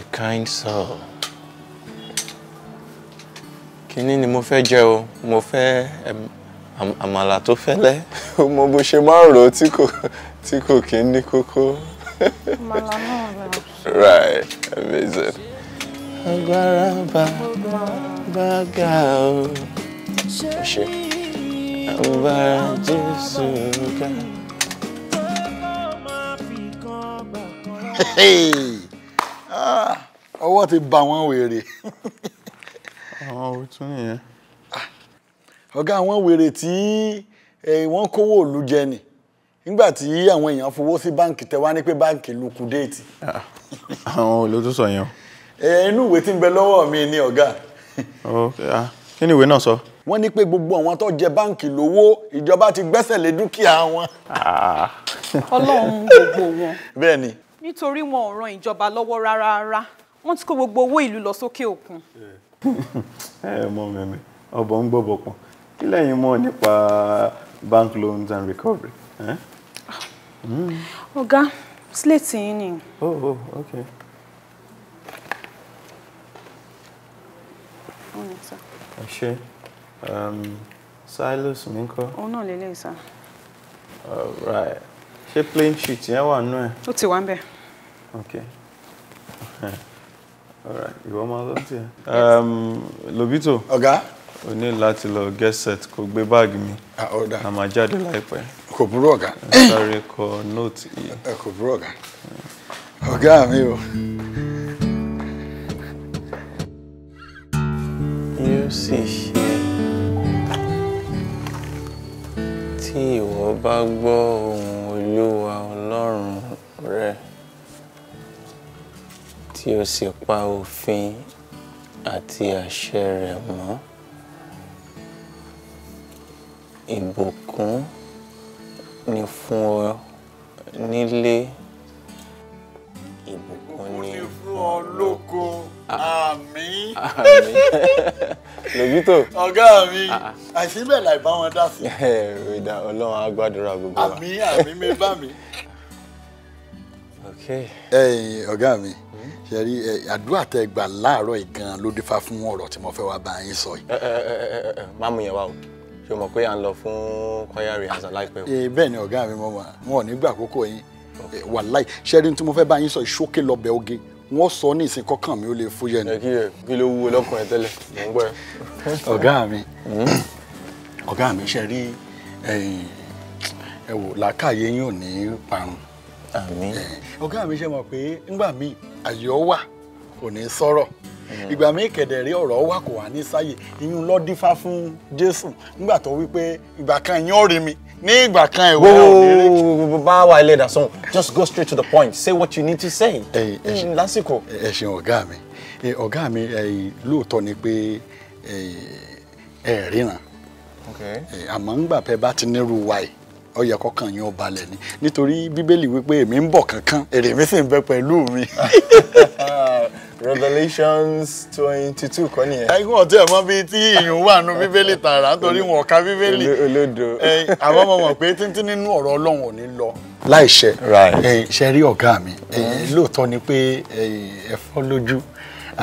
a kind soul kínní ni mo fẹ́ jẹ o mo fẹ́ àmàlà tó fẹ́lẹ́ [LAUGHS] mo bó ṣe máa rò ó tí kò tí kò kí ní kókó. right amazing. agbára bá bá ga o ṣe agbára jésù ga. Ah! ọwọ́ ti bà wọ́n wèrè. [LAUGHS] àwọn ò tún nìyẹn. Ah, ọ̀gá àwọn wèrè tí wọ́n kówó ìlú jẹ ni nígbà tí àwọn èèyàn fowó sí báǹkì tẹ wá ní pé báǹkì lukudéètì. Ah, àwọn olóòtú sọ yẹn o. inú ìwé tí ń bẹ lọ́wọ́ mi ni ọ̀gá. Ah, kí ni ìwé náà sọ. wọ́n ní pé gbogbo àwọn tó jẹ báǹkì lówó ìjọba ti gbẹ́sẹ̀ lé dúkìá wọn. ọlọ́run [LAUGHS] gbogbo wọn. bẹ́ẹ̀ ni. nítorí wọn ò ran ìjọba lọ́wọ́ rárá rárá wọ́n ti kó gbogbo owó ìlú lọ sókè òkun. Eh ẹ mọ mẹ́mi ọbọ̀ ń gbọ́ bọ̀pọ̀ kí lẹ́yìn mọ̀ nípa bank loans and recovery. Hmm. ọ̀gá slate yín ni. oh oh okay. ẹ ṣe um, silas mi kọ́. òun náà lélẹ́yìn sá. right ṣé plain sheet yẹn wà nù ẹ. ó ti wà ń bẹ̀. okay. [LAUGHS] ìwọ máa lọ sí ẹ. Um, Lobito. ọ̀gá. o ní láti lọ get set kó gbé báàgì mi. a jáde láìpẹ́. kò burú ọ̀gá. sáré kọ nóòtù yìí. kò burú ọ̀gá. ọ̀gá mi o. yóò sì ṣe tí ìwọ bá gbọ́ ohùn Olúwa Ọlọ́run rẹ. tí o sì pa òfin àti àṣẹ rẹ̀ mọ́ ìbùkún ni fún ọ nílé ìbùkún ni fún ọ lóko ah. àmín [LAUGHS] lójútó ọ̀gá mi ah, ah. àìsí bẹ́ẹ̀ láì bá wọn dá sí. [LAUGHS] ọlọ́run á gbàdúrà gbogbo wa àmín àmín mi bá mi ẹ̀yin ọ̀gá mi ṣe rí àdúrà tẹ gbà láàárọ̀ ìgan ló dífá fún ọ̀rọ̀ tí mo fẹ́ wá bá yín sọ má mú yẹn wá o ṣe mọ̀ pé à ń lọ fún choir rehearsal láìpẹ́ o. bẹ́ẹ̀ ni ọ̀gá mi mo mọ̀ wọn ò ní gbà àkókò yín wàláì ṣe rí tí mo fẹ́ bá yín sọ ìṣókè lọ́bẹ̀ oge wọ́n sọ ní ìsìn kọ́kàn mi ó lè fúyẹ́ ni. kí ló wúwo lọ́kùnrin tẹ́lẹ̀ mò ń gbọ́ ẹ. ọ̀gá mi hmm? ọ̀gá mi ṣe rí ẹ yín ò ní parun àmín. ọ̀gá mi ṣe mọ̀ pé ńgbà míì àyè ọ wà kò ní sọ̀rọ̀ hmm. ìgbà míì kẹ̀dẹ̀rí ọ̀rọ̀ wà kò wá ní sáyè ìyún lọ dífá fún jésù nígbà tó wí pé ìgbà kan ìyẹn ò rí mi ní ìgbà kan ìwé òní. bá wa ilé ìdásán just go straight to the point say what you need to say. ẹ ṣeun lásìkò. ẹ ṣeun ọ̀gá mi ọ̀gá mi lóòótọ́ ni pé ẹ ríran àmọ́ ńgbà pẹ́ bá ti nírú wa yìí ó yẹ kọ́kàn yín ó balẹ̀ ni nítorí bíbélì wípé èmi ń bọ̀ kankan èrè mi sì ń bẹ pẹ̀lú mi. [LAUGHS] Revelations twenty two kọ́ nìyẹn. ẹ̀gbọ́n ọ̀tí ẹ̀ mọ́ bíi tí ìyún wà nù bíbélì tààrà nítorí wọn ò ka bíbélì. olódo. àwọn ọmọ mọ̀ pé títí nínú ọ̀rọ̀ ọlọ́run ò ní lọ. láìṣẹ ṣe rí ọ̀gá mi lóòótọ́ ni pé ẹ fọ́ lójú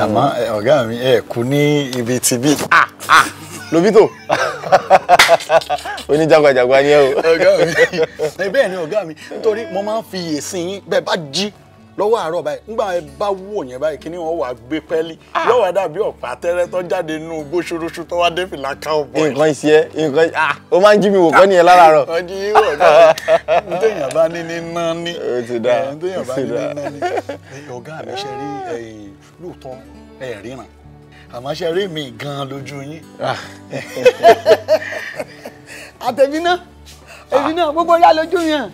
àmọ́ mm. ọ̀gá mi ẹ kú ní ibi tìbí ah, ah, lóbítò [LAUGHS] oníjàgbàjàgbà ni ẹ o. ọ̀gá mi bẹ́ẹ̀ ni ọ̀gá mi nítorí mo máa ń fi èsì yín bẹ́ẹ̀ bá jí lọ́wọ́ àárọ̀ báyìí nígbà bá wò yẹn báyìí kí ni wọ́n wà gbé pẹ́ẹ́lí lọ́wọ́ ah. dàbí ọ̀pá tẹ́rẹ́ tó jáde nínú igbó ṣoroṣo tó wá dé fìlà ká ọ bọ̀. nǹkan ìṣe ẹ nǹkan ìṣe ah, ó máa ń jí mi wò kọ́ nìyẹn lára rọ. ọjì yìí wọ̀ gáà ní téèyàn bá ní ní ná ní. o ti da o ti da ọ̀gá mi ṣe rí lóòótọ́ ẹ̀ àmọ́ ṣe rí mi gan-an lójú yín. Ah. [LAUGHS] àtẹ̀mí náà èmi náà gbogbo yá lójú yàn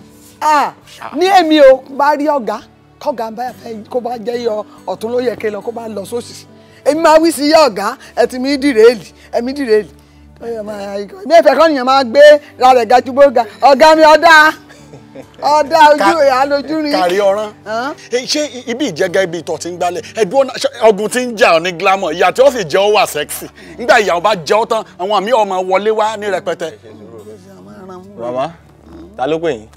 ní èmi o bá rí ọ̀gá kọ́gà bá fẹ́ kó bá jẹ́ yọ ọ̀tún ló yẹ kí lọ kó bá lọ sósì èmi máa wí sí yá ọ̀gá mi dìrèèlì ẹ̀mí dìrèèlì mi ìfẹ́ kọ́ nìyẹn máa gbé ra rẹ̀ ga bóga ọ̀gá mi ọ̀dà ọ̀dà ojú ìyá lójú rí. kàrí ọ̀ràn ṣé ibi ibi ìtọ̀ ti ń ẹ̀dùn ti ń jà ní glamour ìyá tí ó ìyàwó bá jẹ́ ọ tán àwọn àmì ọmọ wọlé wá rẹpẹtẹ. Mama, ta ló pè yín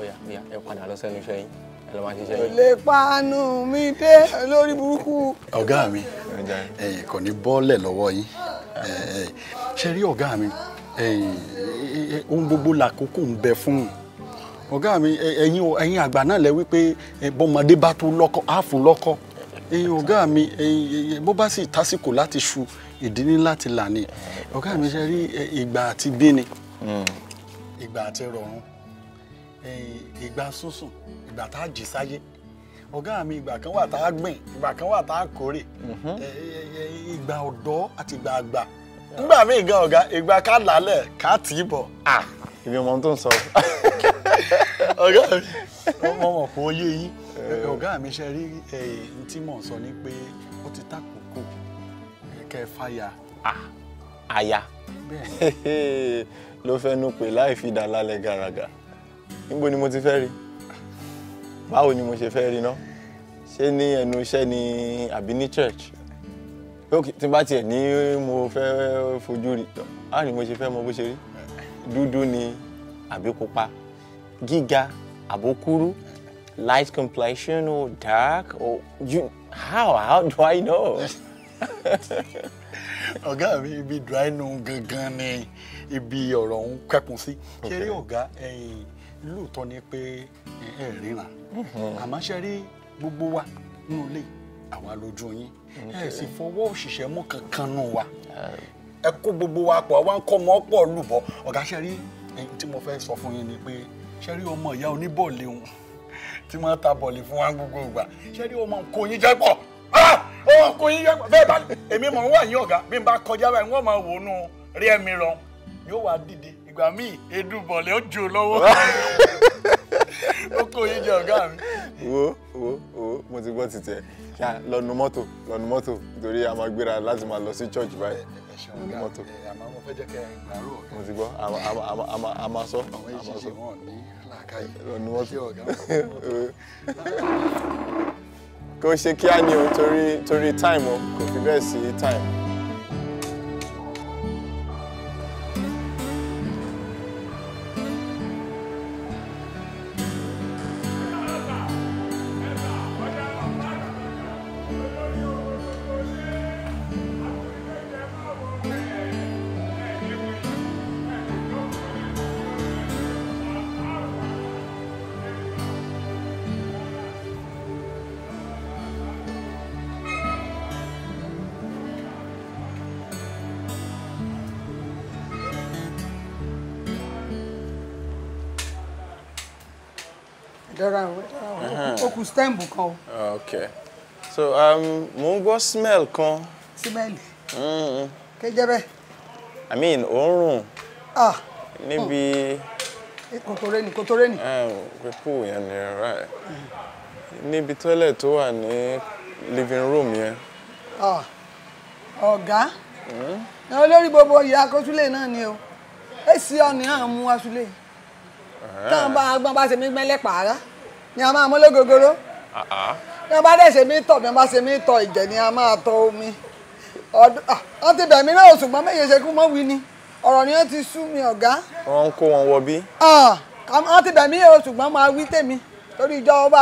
oya oya ẹ padà lọ sẹ́nu iṣẹ́ yín ẹ lọ máa ṣiṣẹ́ yín. lè paanu mi dé lórí burúkú. ọ̀gá mi ẹ̀yìn kò ní bọ́ọ̀lẹ̀ lọ́wọ́ yín ṣe rí ọ̀gá mi ohun gbogbo làkókò ń bẹ fún un ọ̀gá mi ẹ̀yin ẹ̀yin àgbà náà lẹ wípé bọ́mọdé bá tó lọ́kọ àáfù lọ́kọ ọ̀gá mi bó bá sì tásìkò láti ṣu ìdí ní láti là ní ọ̀gá mi ṣe rí ìgbà àti bí ni. Hmm. ìgbà àti rọrùn eh, ìgbà sísùn ìgbà tá a jí sáyé ọ̀gá mi kan wà tá a gbìn kan wà tá a kórè mhm. eh, eh, ìgbà ọ̀dọ́ àti ìgbà àgbà nígbà míì gan ọ̀gá ìgbà ká làálẹ̀ ká tì í bọ̀. ìbí ọmọ tó ń sọ. [LAUGHS] mi ọmọ fún oyé sọ ni pé ti àyà. [LAUGHS] ló fẹ́nu pè láì fi dà lálẹ́ níbo ni mo ti fẹ́ rí báwo ni mo ṣe fẹ́ rí ná ṣé ní ẹnu iṣẹ́ ni àbí ní church tí bá tiẹ̀ ní mo fẹ́ fojú rí á ní mo ṣe fẹ́ mọ bó ṣe rí dúdú ni àbí pupa gíga àbókúrú light complexion or dark or you how how do I know. [LAUGHS] ọ̀gá mi ibi dry nu gangan ni ibi ọ̀rọ̀ ọ̀hún kẹ́kun sí ṣe rí ọ̀gá ẹ̀yìn lóòótọ́ ni pé ẹ̀ ríran mhm. àmọ́ ṣe rí gbogbo wa nínú ilé àwa lójú yín ẹ sì fọwọ́ òṣìṣẹ́ mú kankan nù wa eh. ẹ kó gbogbo wa pọ̀ wá ń kọ́ ọmọ pọ̀ lùbọ̀ ọ̀gá ṣe rí ẹ̀yìn tí mo fẹ́ sọ fún yín ni pé ṣe rí ọmọ ìyá oníbọ̀ọ̀lì òun [LAUGHS] tí wọ́n ta bọ̀ọ̀lì fún wa gbogbo ìgbà ṣe rí ọmọ nǹkó yín jẹ́ pọ̀ ah! ọmọ nǹkó yín jẹ́ pọ̀ bẹ́ẹ̀ bá èmi mọ̀ ń yín ọ̀gá bí n bá kọjá báyìí wọ́n máa wò ó nù rí ẹ̀mí rọrùn yóò wá dìde ìgbà míì edu bọ̀lẹ̀ ó jò lọ́wọ́ [LAUGHS] ó kó yín jẹ ọ̀gá mi. wo wo wo mo ti gbọ́ títẹ̀ yà lọ́nu mọ́tò lọ́nu mọ́tò nítorí a máa gbéra láti máa lọ sí church báyìí lọ́nu mọ́tò. mo ti gbọ́ a máa sọ. àwọn ìṣiṣẹ́ wọn ní mọ́tò [LAUGHS] kò ṣe kíá ni o torí time o kò fi bẹ́ẹ̀ sí time. stem kan o. ok so mo um, ń gbọ́ smell kan. smell. Mm-hmm. kéjẹ bẹ́ẹ̀. i mean òórùn. ah níbi. Eh, kòtòrè ni kòtòrè ni. Eh, pípò yẹn ni right níbi toilet tó wà ní living room yẹn. Ah. ọ̀gá mm-hmm. olórí gbogbo ìyá akọ́sílẹ̀ náà ni o èsì ọ̀nì náà mú wá sílẹ̀ eh. táwọn bá agbọ́n bá ṣe mí gbẹ́lẹ́ pààrà ni a máa mú lógógóró ni a bá dẹ̀ ṣe mí tọ̀ bí wọ́n bá ṣe mí tọ̀ ìjẹ̀ ni a máa tọ̀ omi wọ́n ti bẹ̀ mí náà ṣùgbọ́n méje ṣe kú mọ́ wí ni ọ̀rọ̀ ni wọ́n ti sú mi ọ̀gá. wọ́n ń kó wọn wọ bí. wọ́n ti bẹ̀ ṣùgbọ́n máa wí tèmi torí ìjọ ọba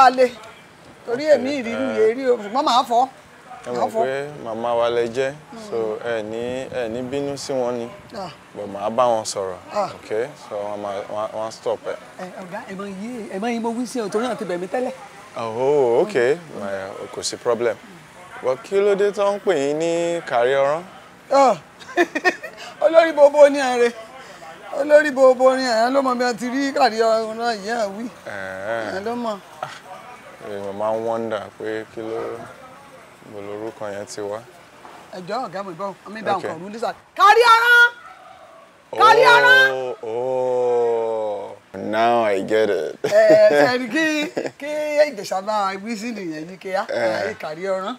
torí èmi ìrírú yèé rí o ṣùgbọ́n máa fọ́ ẹ mọ̀ pé màmá wa lẹ jẹ́ so ẹ ní ẹ ní bínú sí wọn ni but màá bá wọn sọ̀rọ̀ ok so wọn máa wọn stop ẹ. ẹ ọ̀gá ẹ mọ iye ẹ mọ iye mo wí sí ẹ torí náà ti bẹ̀ mí tẹ́lẹ̀. oh ok kò sí problem wọ́n kí ló dé tó ń pè yín ní kàrí ọ̀rán. olórí bobo ní ààrẹ olórí bobo ní ààrẹ ló mọ bí wọn ti rí kàrí ọ̀rán yìí àwí ẹ ló mọ. ẹ ah, máa ń wọ́ndà pé kí ló mo lorúkọ yẹn ti wá. ẹjọ ọgá mi bọ mi bá nǹkan ọdún nísà kárí ara kárí ara. Oh, oh. now i get it. ẹ ẹ [LAUGHS] kí kí ìjẹsà máa wí sí nìyẹn ní kíá eh. kárí ọrán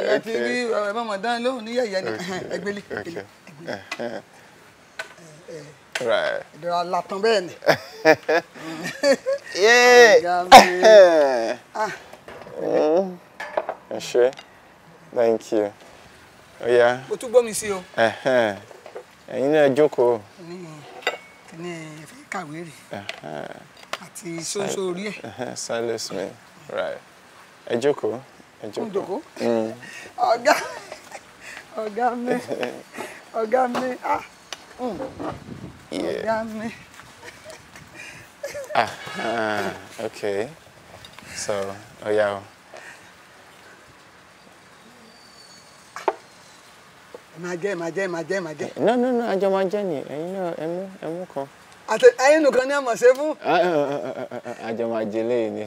[LAUGHS] ẹ ti rí ẹ lóhùn ní yẹ̀yẹ́ ní ẹgbẹ́lẹ́ ìdọ̀rọ̀ àlàtàn bẹ́ẹ̀ ni. [LAUGHS] Mm-hmm. ẹ ṣé thank you Oh, yá. o tún gbọ́ mi sí o. ẹ̀yin náà jókòó. ní kíní ìfẹ́ kàwé rè àti sọ́nsọ́ orí ẹ̀. silence me right ẹ jókòó ẹ jókòó. Mm. ọ̀gá ọ̀gá mi ọ̀gá me. ah mm. ọ̀gá mi. ah okay so oh yeah. máa jẹ́ máa jẹ́ máa jẹ́ máa jẹ́. no no no I máa want ni I know, I'm, I'm okay. mú kan. àti ẹ̀yin nìkan ni a mọ̀ ṣe fún. àjọ ah, ah, ah,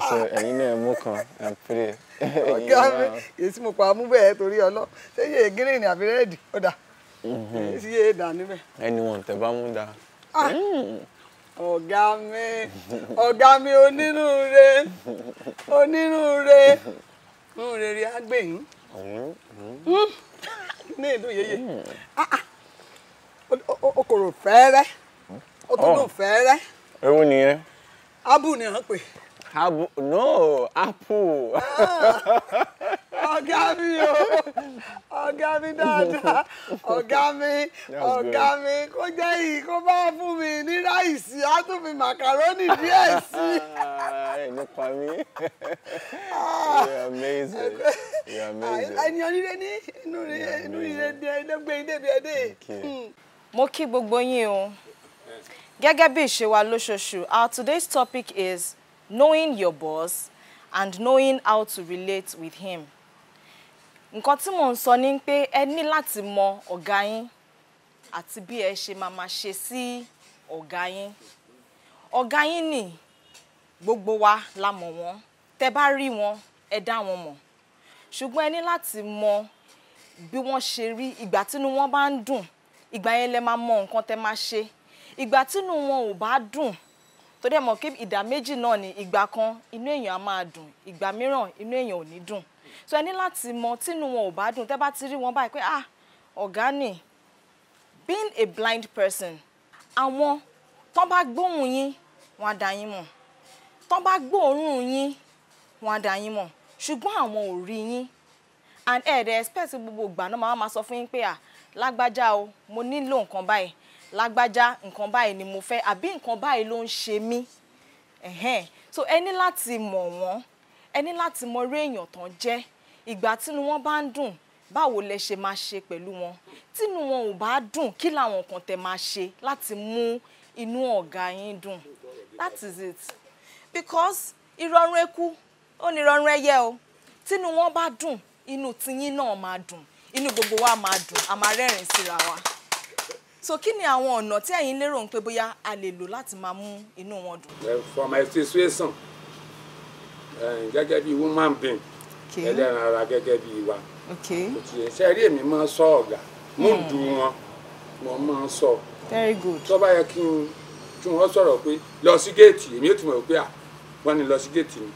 so I know I'm okay. I'm and pray. [LAUGHS] ọ̀gá mi èyí tí mo pa mú bẹ́ẹ̀ torí ọlọ́ ṣé yẹ green ni àbí rẹ́ẹ̀dì ó dà sí mhm. yẹ dà níbẹ̀. anyone the Bamunda. Ah. Mm. ọ̀gá mi ọ̀gá mi onírúure onírúure nrere agbẹ̀yìn hmm. ní ìlú yeye ah, ah. okòrò fẹ́ẹ́rẹ́ ó tó oh. dùn fẹ́ẹ́rẹ́. ewu nìyẹn. abu ni à ń pè Habu no apple. Ọ̀gá mi o, ọ̀gá mi dáadáa, ọ̀gá mi, ọ̀gá mi, kó jẹ́ yìí kó bá fún mi ní ráìsì, á tún fi màkàrónì díẹ̀ sí. Ah, Nípa mi, ah. you're amazing, you're ah, amazing. Ẹni oníire ní inú ire ní ẹgbẹ́ ilé mi ẹdẹ. Mo kí gbogbo yín o. Gẹ́gẹ́ bí ìṣe wa lóṣooṣù, our today's topic is knowing your boss and knowing how to relate with him nǹkan tí mò ń sọ ni pé ẹ ní láti mọ ọ̀gá yín àti bí ẹ ṣe máa máa ṣe sí ọ̀gá yín ọ̀gá yín ni gbogbo wa la mọ̀ wọ́n tẹ bá rí wọn ẹ dá wọn mọ̀ ṣùgbọ́n ẹ ní láti mọ bí wọ́n ṣe rí ìgbà tínú wọn bá ń dùn ìgbà yẹn lẹ máa mọ nǹkan tẹ máa ṣe ìgbà tínú wọn ò bá dùn torí ẹ mọ̀ kí ìdá méjì náà ni ìgbà kan inú èèyàn á máa dùn ìgbà mìíràn inú èèyàn ò ní dùn so ẹ láti mọ tínú wọn ò bá dùn tẹ́ bá ti rí wọn báyìí pé ah ọ̀gá nì being a blind person àwọn tán bá gbóhùn yín wọn á dá yín mọ̀ tán bá gbóòórùn yín wọn á dá yín mọ̀ ṣùgbọ́n àwọn ò rí yín and ẹ̀ dẹ̀ expect gbogbo ìgbà náà máa ma sọ fún yín pé ah lágbájá o mo nílò nǹkan báyìí lágbájá nǹkan báyìí ni mo fẹ́ àbí nǹkan báyìí ló ń ṣe mí so ẹ láti mọ̀ wọ́n ẹ láti mọ irú èèyàn tán jẹ́ ìgbà tínú wọn bá ń dùn báwo lẹ ṣe máa ṣe pẹ̀lú wọn tínú wọn ò bá dùn kí làwọn nǹkan tẹ máa ṣe láti mú inú ọ̀gá yín dùn that is it because ìrọ̀rùn eku ó ní ìrọ̀rùn ẹyẹ o tínú wọn bá dùn inú tiyín náà máa dùn inú gbogbo wa máa dùn a síra wa so kí ni àwọn ọ̀nà tí ẹ̀yin lérò ń pé bóyá a lè lò láti máa mú inú wọn dùn. for my situation eh, gẹ́gẹ́ bí woman being ẹlẹ́ran ara gẹ́gẹ́ bí wa ṣe rí èmi máa ń sọ ọ̀gá mú hmm. dùn wọn mo máa sọ very good tó bá yẹ kí n tí wọ́n sọ̀rọ̀ pé lọ sí géètì èmi ò túmọ̀ pé à wọ́n ní lọ sí géètì ni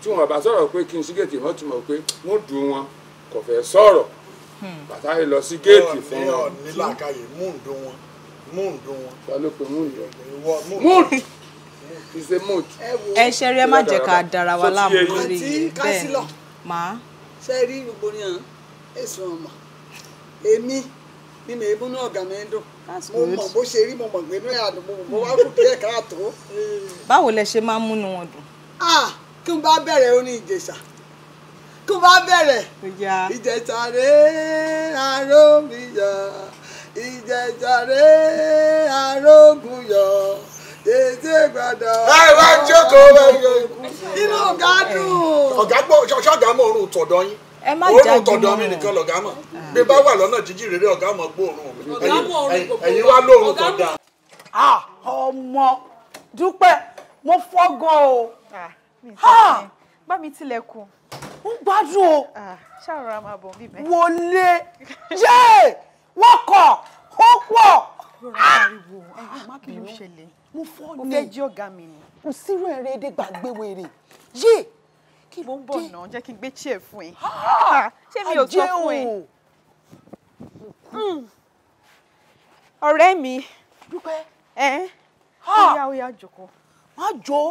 tí wọ́n bá sọ̀rọ̀ pé kí n sí géètì èmi ò túmọ̀ pé mú dùn wọn kò fẹ́ sọ̀rọ̀ bàtà yìí lọ sí géètì fún wọn. ọ̀ ní làákàyè múùndù wọn múùndù wọn. ta ló pe múùndù. múùndù is a mood. ẹ ṣe rí ẹ má jẹ́ ká dára wa láàmú lórí bẹ́ẹ̀ máa. ṣe rí gbogbo ni à ń èso ọmọ èmi ni mèé múnú ọ̀gá mi dùn mo mọ̀ bó ṣe rí mo mọ̀ gbé ní àdùn mo mọ̀ wá kù díẹ̀ káàtó. báwo lẹ ṣe máa ń múnú wọn dùn. ah kí n bá bẹ̀rẹ̀ orin ìjèṣà kó bá bẹ̀rẹ̀ ìjẹta rèé aró mi yọ ìjẹta rèé arógun yọ ètè gbàdọ̀. ẹ wá jókòó wá jókòó. inú ọ̀gá dùn. ọ̀gá gbọ́ ṣọ́ọ̀gá mọ̀ òórùn tọ̀dọ̀ yín ẹ má jáde mọ́ òórùn tọ̀dọ̀ mi nìkan lọ̀gá mọ̀ bí bá wà lọ́nà jíjì rere ọ̀gá mọ̀ gbóòórùn mi ẹ̀yin wá lóòórùn tọ̀dọ̀. ọmọ dúpẹ́ mo fọ́ gan o. Ah, bá mi tilẹ̀kùn ń gbádùn o. Ah, ṣàròrà máa bọ̀ bíbẹ̀. wọlé [LAUGHS] yé wọ́n kọ̀ ó pọ̀. rọra ariwo ah, má kí ló ṣẹlẹ̀ mo fọ́ ni o fẹ́ jí ọ̀gá mi ni. kò sírò ẹ̀rẹ́ èdè gbàgbé wèrè yé kí ló ń bọ̀ náà jẹ́ kí n gbé chair fún ẹ. Ah! [LAUGHS] ṣé mi ò sọ fún ẹ. Mm. ọ̀rẹ́ mi. dúpẹ́. ẹ ó yá ó yá jókòó. má jó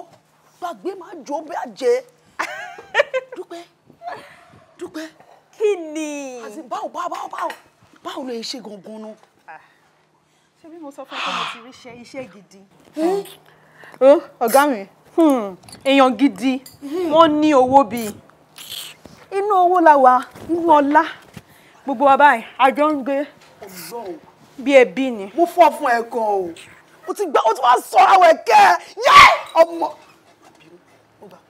gbàgbé má jó bí àjẹ́ dúpẹ́. kí ni. àti báwo báwo báwo báwo báwo ló ṣe gangan nu. Ah, ṣé bí mo sọ fún ẹ pé mo ti rí iṣẹ́ iṣẹ́ gidi. Hmm? ọ̀gá mi hmm, èèyàn gidi hmm. wọ́n ní owó bíi inú owó la wà inú ọlá gbogbo wa báyìí àjọ ń gbé bí ẹbí ni. mo fọ́ fún ẹ gan o o ti gbà o ti wá sọ àwọn ẹ̀kẹ́ yẹ ọmọ.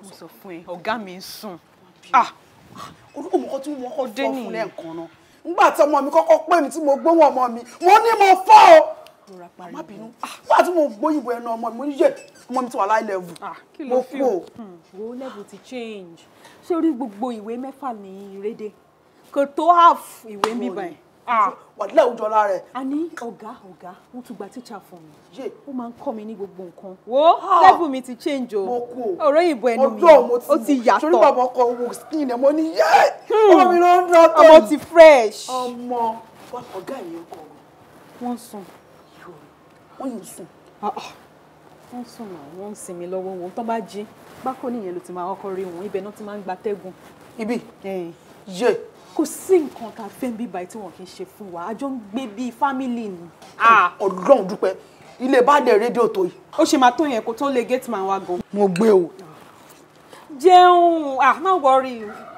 mo sọ fún ẹ ọ̀gá mi ń sùn. ah olùkọ́ tí wọ́n kọ́ fọ́ fún lẹ́ẹ̀kan náà nígbà tí ọmọ mi kọ́kọ́ pè mí tí mo gbóhùn ọmọ mi mo ní mo fọ́ o má bínú ah, nígbà tí mo gbóyìnbó ẹnu ọmọ mi mo ní yé ọmọ mi ti wà láì lẹ́vù ah, mo kú o. Hmm, wo level ti change ṣé orí gbogbo ìwé mẹ́fà ní ìrédè kò tó half ìwé mi báyìí Ah. wàlẹ́ òjò lára ẹ̀. a ní ọ̀gá ọ̀gá wọ́n tún gba tíṣà fún mi ó máa ń kọ́ mi ní gbogbo nǹkan wo ah. level mi ti change o ọ̀rọ̀ ìbò ẹnu mi o ti yàtọ̀ torí bàbá ọkọ̀ wò skin ẹ̀ mo ní yé hmm. ọmọ mi ló ń lọ tẹ̀ ọmọ ti fresh. ọmọ ọ̀gá yẹn kọ̀ wọ́n sùn wọ́n yìí sùn ah, wọ́n sùn náà wọ́n ń sinmi lọ́wọ́ wọn tó bá jí bákan nìyẹn ló ti máa kọ́kọ́ rí wọn ibẹ̀ náà ti máa ń gbatẹ́gùn. ibi yé kò sí nǹkan tá fẹ́ bí báyìí tí wọ́n kì í ṣe fún wa a jọ ń gbé bíi fámìlì ni. ọlọ́run dúpẹ́ ilé baálẹ̀ rédíò tó yìí. ó ṣe máa tó yẹn kó tó lè gate man wa gan. mo gbé o. jẹun ah má wọrí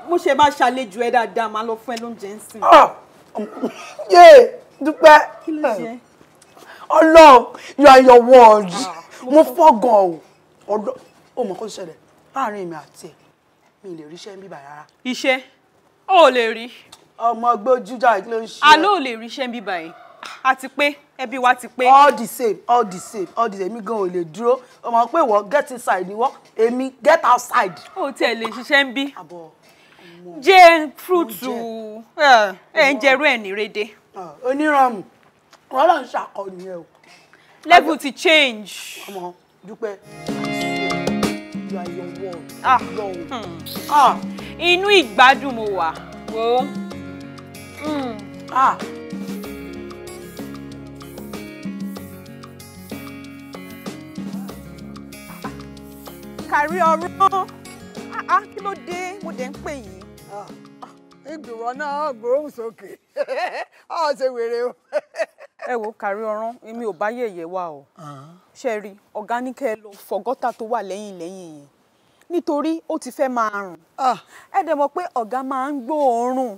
mo ṣe máa ṣàlejò ẹ dáadáa máa lọ fún ẹ lóúnjẹ ń ah! yé dúpẹ́. kí ló ṣe. ọlọ́run you are your word ah, mo fọ́ o ọ̀dọ́ ó mọ̀ kó láàrin èmi àti ẹ̀ mi lè ríṣẹ́ bíbà rárá. iṣẹ́ ó lè rí. ọmọ gbójújà ló ń ṣe. àlọ́ ò lè rí iṣẹ́ ń bí báyìí àti pé ẹbí wa ti pé. all the same all the same all the same mi gan ò lè dúró ọmọ pé wọ́n get inside ni wọ́n èmi get outside. ó tiẹ̀ lè ṣiṣẹ́ ń bí. jẹ́ fúrúùtù ẹ̀ ń jẹ́rú ẹ̀ ní rédé. onírànmù wọn lọ ń ṣàkọni ẹ o. level ti change. ọmọ dúpẹ́. Ah, are your word. ah hmm. ah inú ìgbádùn mo wà wo. Hmm. Ah. ah. ah, ọ̀rọ̀ kí ló dé mo dé ń pè yìí. Ah, ah, ìgbìmọ̀ náà gbòòrùn sókè ọ̀ [LAUGHS] ṣe wèrè o. [LAUGHS] ẹ wo kàrí ọ̀ràn èmi ò bá yẹ̀yẹ̀ wa o ah. ṣe rí ọ̀gá ní kẹ́ ẹ lọ fọ̀gọ́tà tó wà lẹ́yìn lẹ́yìn yẹn nítorí ó ti fẹ́ máa rùn ah. ẹ dẹ̀ mọ̀ pé ọ̀gá máa ń gbóòórùn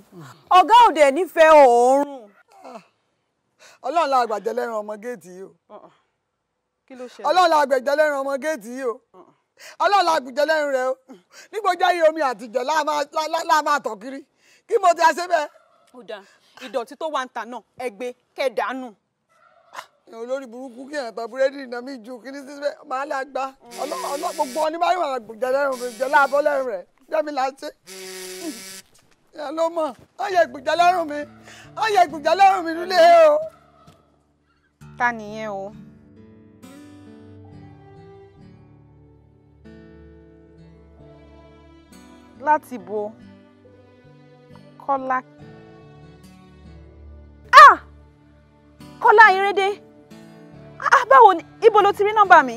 ọ̀gá ò dẹ̀ nífẹ̀ẹ́ òórùn. Ah. ọlọ́run la àgbàjẹ lẹ́ran ọmọ géètì yìí o uh-uh. ọlọ́run la àgbàjẹ lẹ́ran ọmọ géètì yìí o uh-uh. ọlọ́run la àgbàjẹ lẹ́ran rẹ o nígbòjá yìí omi àtijọ́ láà máa tọ̀ kiri kí mo ti ṣe bẹ́ẹ̀. ìdọ̀tí tó wà ń ta náà ẹgbẹ́ kẹ̀dánù olórí burúkú kí ẹ̀ta búrẹ́dì iná ju kíní sí bẹ́ẹ̀ máa la gba gbogbo ọ báyìí máa gbòjẹ lẹ́rùn gbòjẹ láàbọ̀ lẹ́rùn jẹ́mi là ń ṣe. ìyá ló mọ̀ ọ yẹ ìgbòjẹ lẹ́rùn mi ọ yẹ ìgbòjẹ lẹ́rùn mi nílé e o. ta nìyẹn o. láti bo kọ́lá. Ah! kọ́lá erédé ah báwo ni ibo ló ti rí nọ́mbà mi.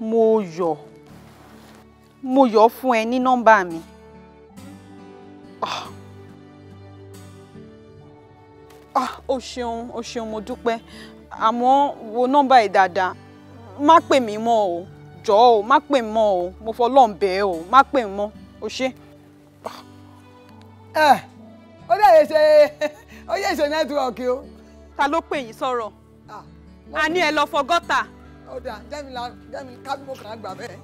mo yọ mo yọ fún ẹ ní nọ́mbà mi. ah ah o ṣeun o ṣeun mo dúpẹ́ àmọ́ wo nọ́mbà ẹ̀ dáadáa má pè mí mọ́ o jọ̀ọ́ o má pè mí mọ́ o mo fọlọ́n bẹ́ẹ̀ o má pè mí mọ́ o ṣe. Ah. Eh, ẹ ó dẹ̀ lè ṣe ó yẹ ṣe nẹ́tíwọ̀kì o ta ló pè yín sọ̀rọ̀ ah, a ní ẹ lọ fọ gọ́tà. ọ̀dà jẹ́mi la jẹ́mi kábíkó kàn án gbà bẹ́ẹ̀.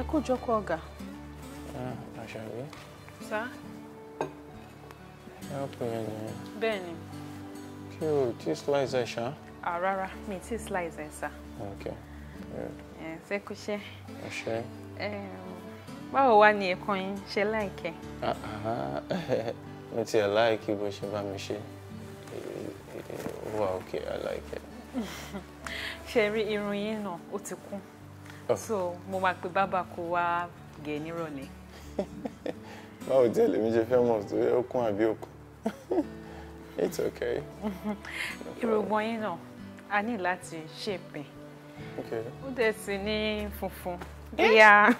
ẹ kó jọ kó ọ̀gá. Ah, àṣà ẹ ó pè é nìyẹn. bẹ́ẹ̀ ni kí o tí slice ẹ e ṣá. rárá mi tí slice e, ẹ sá. ok. ṣé kò o ẹ ṣe. báwo wá ni ẹ̀kọ́ yín Ah, [LAUGHS] ah, mo tiẹ̀ láìkí bó ṣe bá mi ṣe wà òkè aláìkẹ́. ṣe rí irun yín náà ó ti kún oh. so mo máa pe bàbá kó wá gẹ̀ nírọ̀lẹ́. [LAUGHS] báwo jẹ́ lèmi ṣe fẹ́ mọ̀ tó yẹ ó kún àbí ó kún. [LAUGHS] it's okay. ìrògbọ̀n yín náà a ní láti ṣèpín ó dẹ̀ sí ní funfun eh? bóyá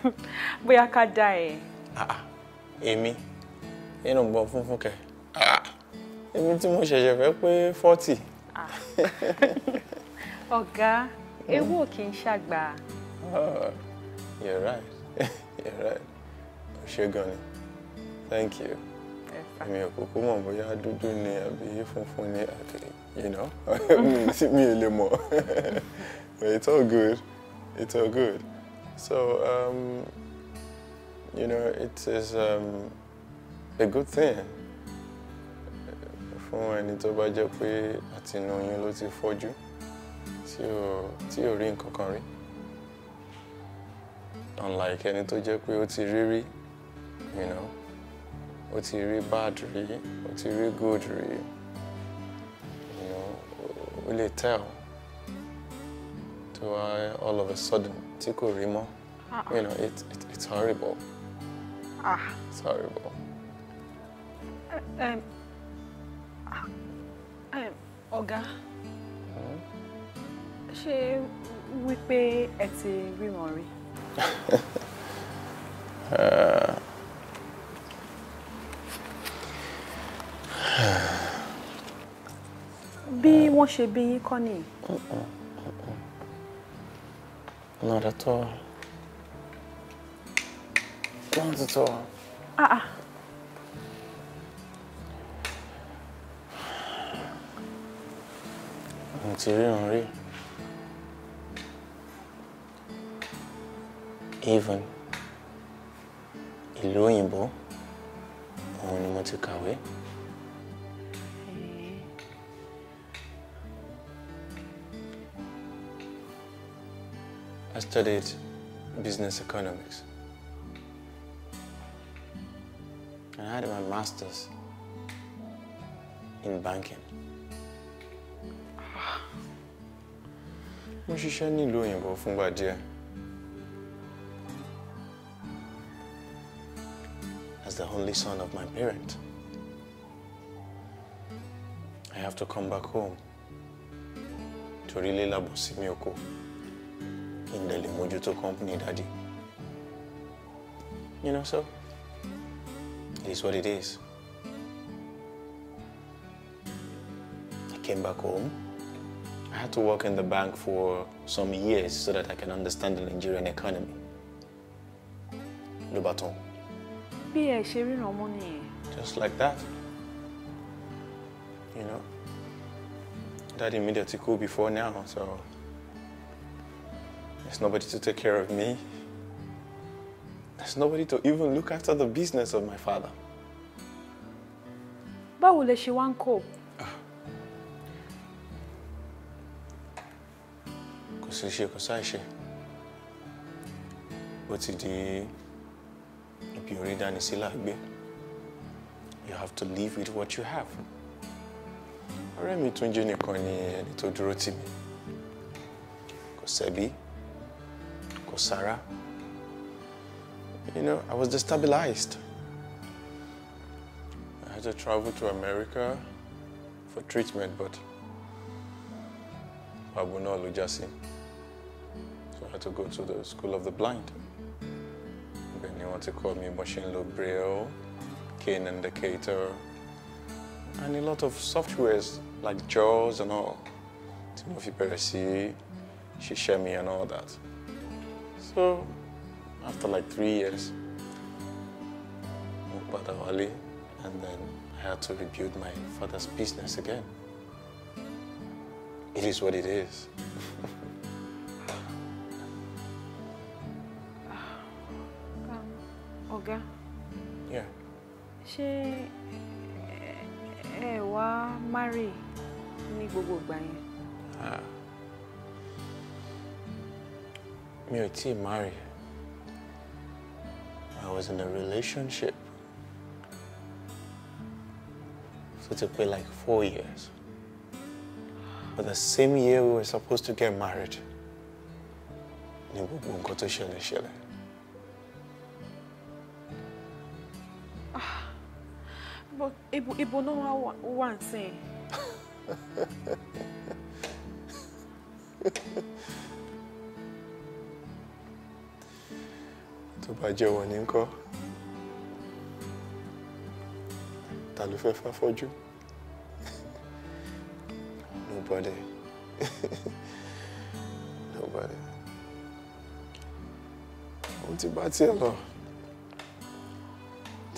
bóyá ká dá ẹ̀. Ah, ah. èmi irùngbọ̀n funfun kẹ̀ ah, èmi tí mo ṣẹ̀ṣẹ̀ fẹ́ pé forty. [LAUGHS] ọ̀gá hmm. ewu ò kì í ṣàgbà. Oh, you're right [LAUGHS] you're right ṣé gan ni thank you mi ò mọ̀ bóyá dúdú ni àbí funfun ni àti you know [LAUGHS] mi ò lè mọ̀ [LAUGHS] but it's all good it's all good so um, you know it is um, a good thing fún ẹni tó bá jẹ́ pé àtinú yín ló ti fọ́jú tí ò rí nǹkan kan rí unlike ẹni tó jẹ́ pé ó ti rí rí you know ó ti rí bad rí ó ti rí good rí you know ó lè tell to uh, all of a sudden tí kò rí mọ́ ah. you know it, it, it's horrible ah. it's horrible. um, um, ọ̀gá hmm? ṣé wípé ẹ ti ríran rí. [LAUGHS] bí wọ́n ṣe bí yín kọ́ nìyí. Not at all. Not at all. Ah ah. Mo ti rí òun rí. Even ìlú òyìnbó òun ni mo ti kàwé. I studied business economics. And I had my master's in banking. Mo ṣiṣẹ́ nílùú òyìnbó fúngbà díẹ̀. As the only son of my parent, I have to come back home to really labor sí oko. In the lè company daddy. You know, so it is what it is. I came back home. I had to work in the bank for some years so that I can understand the Nigerian economy. No baton. Be ṣe ríran mọ́ Just like that. You know, daddy mi dẹ̀ ti before now, so. There's nobody to take care of me. There's nobody to even look after the business of my father. Báwo lẹ ṣe wá ń kó? Kò sí ṣe kò sáì ṣe. Ó ti di ibi orí dání sí You have to live with what you have. Ọ̀rẹ́ mi Túnjí nìkan ni ẹni tó dúró tì mí. Kò sẹ́bí. Sarah. You know, I was destabilized. I had to travel to America for treatment, but Abuna Lujasi. So I had to go to the School of the Blind. Then you want to call me Machine Lobreo, Kane Indicator, and a lot of softwares like JAWS and all. Timothy Peresi, Shishemi and all that. So, after like three years, moved back to and then I had to rebuild my father's business again. It is what it is. um, [SIGHS] Oga? Yeah? She... Eh, eh, wa marry ni gbogbo Ah. Me ò tíì marry I was in a relationship so to be like four years but the same year we were supposed to get married ni gbogbo to tó ṣẹlẹ̀ ṣẹlẹ̀. Ah, but ibo ibo náà wà wà ń [LAUGHS] bàjẹ́ wọ̀ ní ńkọ́ ta ló fẹ́ fáfọ́jú [LAUGHS] nobody [LAUGHS] nobody òun ti bá tiẹ̀ lọ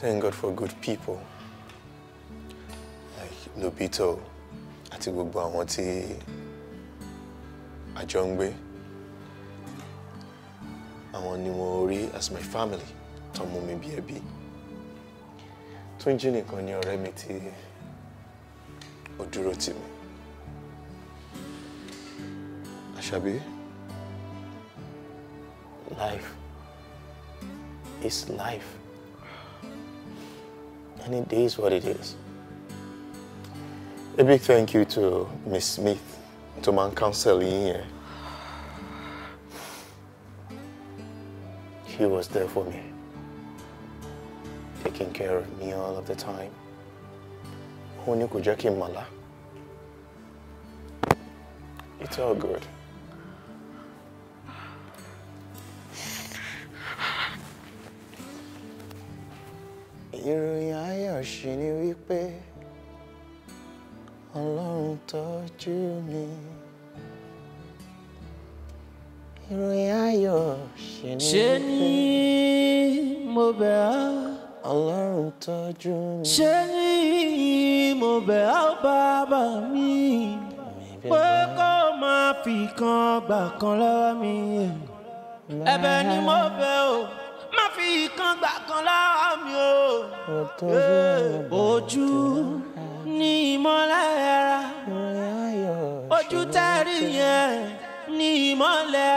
thank God for good people like Lobito àti gbogbo àwọn tí àjọ ń gbé àwọn ni mo rí as my family tó mi bí ẹbí Túnjí nìkan ni ọ̀rẹ́ mi tí ó dúró tì mí Àṣàbí life is life Any day is what it is. A big thank you to Miss Smith, to my counsel here. He was there for me, taking care of me all of the time. Ó ní kò jẹ́ kí n mọ̀lá. It's all good. Ìròyìn ayọ̀ ṣì ni wípé Ọlọ́run tọ́jú mi. Ìròyìn ayọ̀. ṣe ni mo bẹ̀ ọ́. ọlọ́run tọ́jú mi. ṣe ni mo bẹ̀ ọ́ bàbá mi. pé kó máa fi kan gbà kan lọ́wọ́ mi. ẹ̀bẹ̀ ni mo bẹ̀ ọ́ má fi kan gbà kan lọ́wọ́ mi o. ojú ni ìmọ́lẹ̀ ara ojú tẹ́rì yẹn ni ìmọ́lẹ̀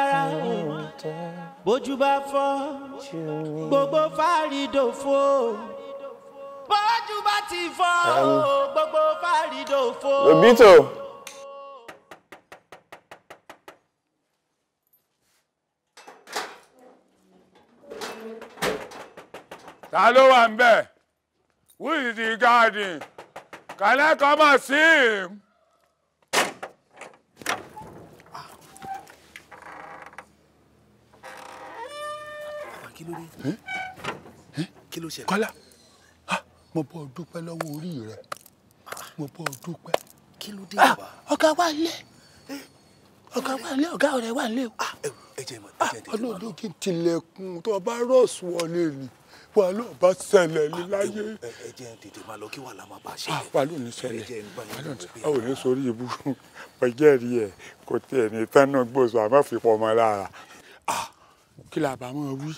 o bójú bá fọ́ gbogbo fárídòfo bójú bá ti fọ́ gbogbo fárídòfo. lobito. ta ló wà ń bẹ̀ who is the garden can I come and see him. kí ló dé kí ló ṣẹlẹ̀. kọ́lá mo bọ́ dúpẹ́ lọ́wọ́ orí rẹ mo bọ́ dúpẹ́. kí ló dé bàbá. ọ̀gá wa lé ọ̀gá wa lé ọ̀gá rẹ̀ wà lé o. Ah, ah, ọlọ́dún kí n tilẹ̀kùn tó o bá rọ̀ọ̀sù wọlé ni wà ló bá ṣẹlẹ̀ ní ah, láyé. ẹ tètè máa lọ kí wàhálà máa bá ṣe. wà ló ní ṣẹlẹ̀ a ò ní sórí ibú ọjọ́ rí ẹ kò tiẹ̀ ní tánà gbòòsò àmọ́ fipọ̀ mọ́ lára kí la bá máa wí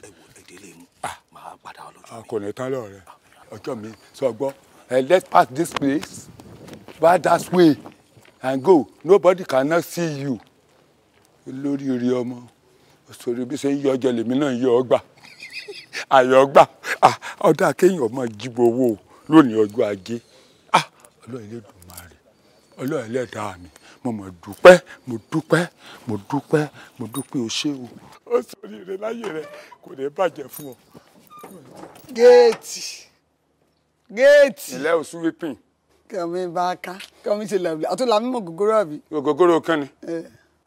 délé mu ah. màá padà ọlọ́jọ́ ah, mi. kò ní tán lọ rẹ ah, ọjọ́ mi sọ gbọ́ eh, let's pass this place by that way and go nobody cannot see you lórí rí ọmọ sori bí ṣe ń yọ ọjọ́ lèmi náà yọ ọ gbà [LAUGHS] àyọ ọdọ akéèyàn ọmọ jíbo owó lónìí ọjọ́ ajé ọlọ́ọ̀lẹ́dùnmáà rẹ̀ ọlọ́ọ̀lẹ́dàá mi mo mọ̀ dúpẹ́ mo dúpẹ́ mo dúpẹ́ mo dúpẹ́ o o. ó sọrí rẹ láyé rẹ kò ní bàjẹ́ fún ọ. géètì géètì. ilé ò súwé kàmí bá a ká kàmí ṣe làbí àti làmí mọ gògóró àbí. gògóró kan ni.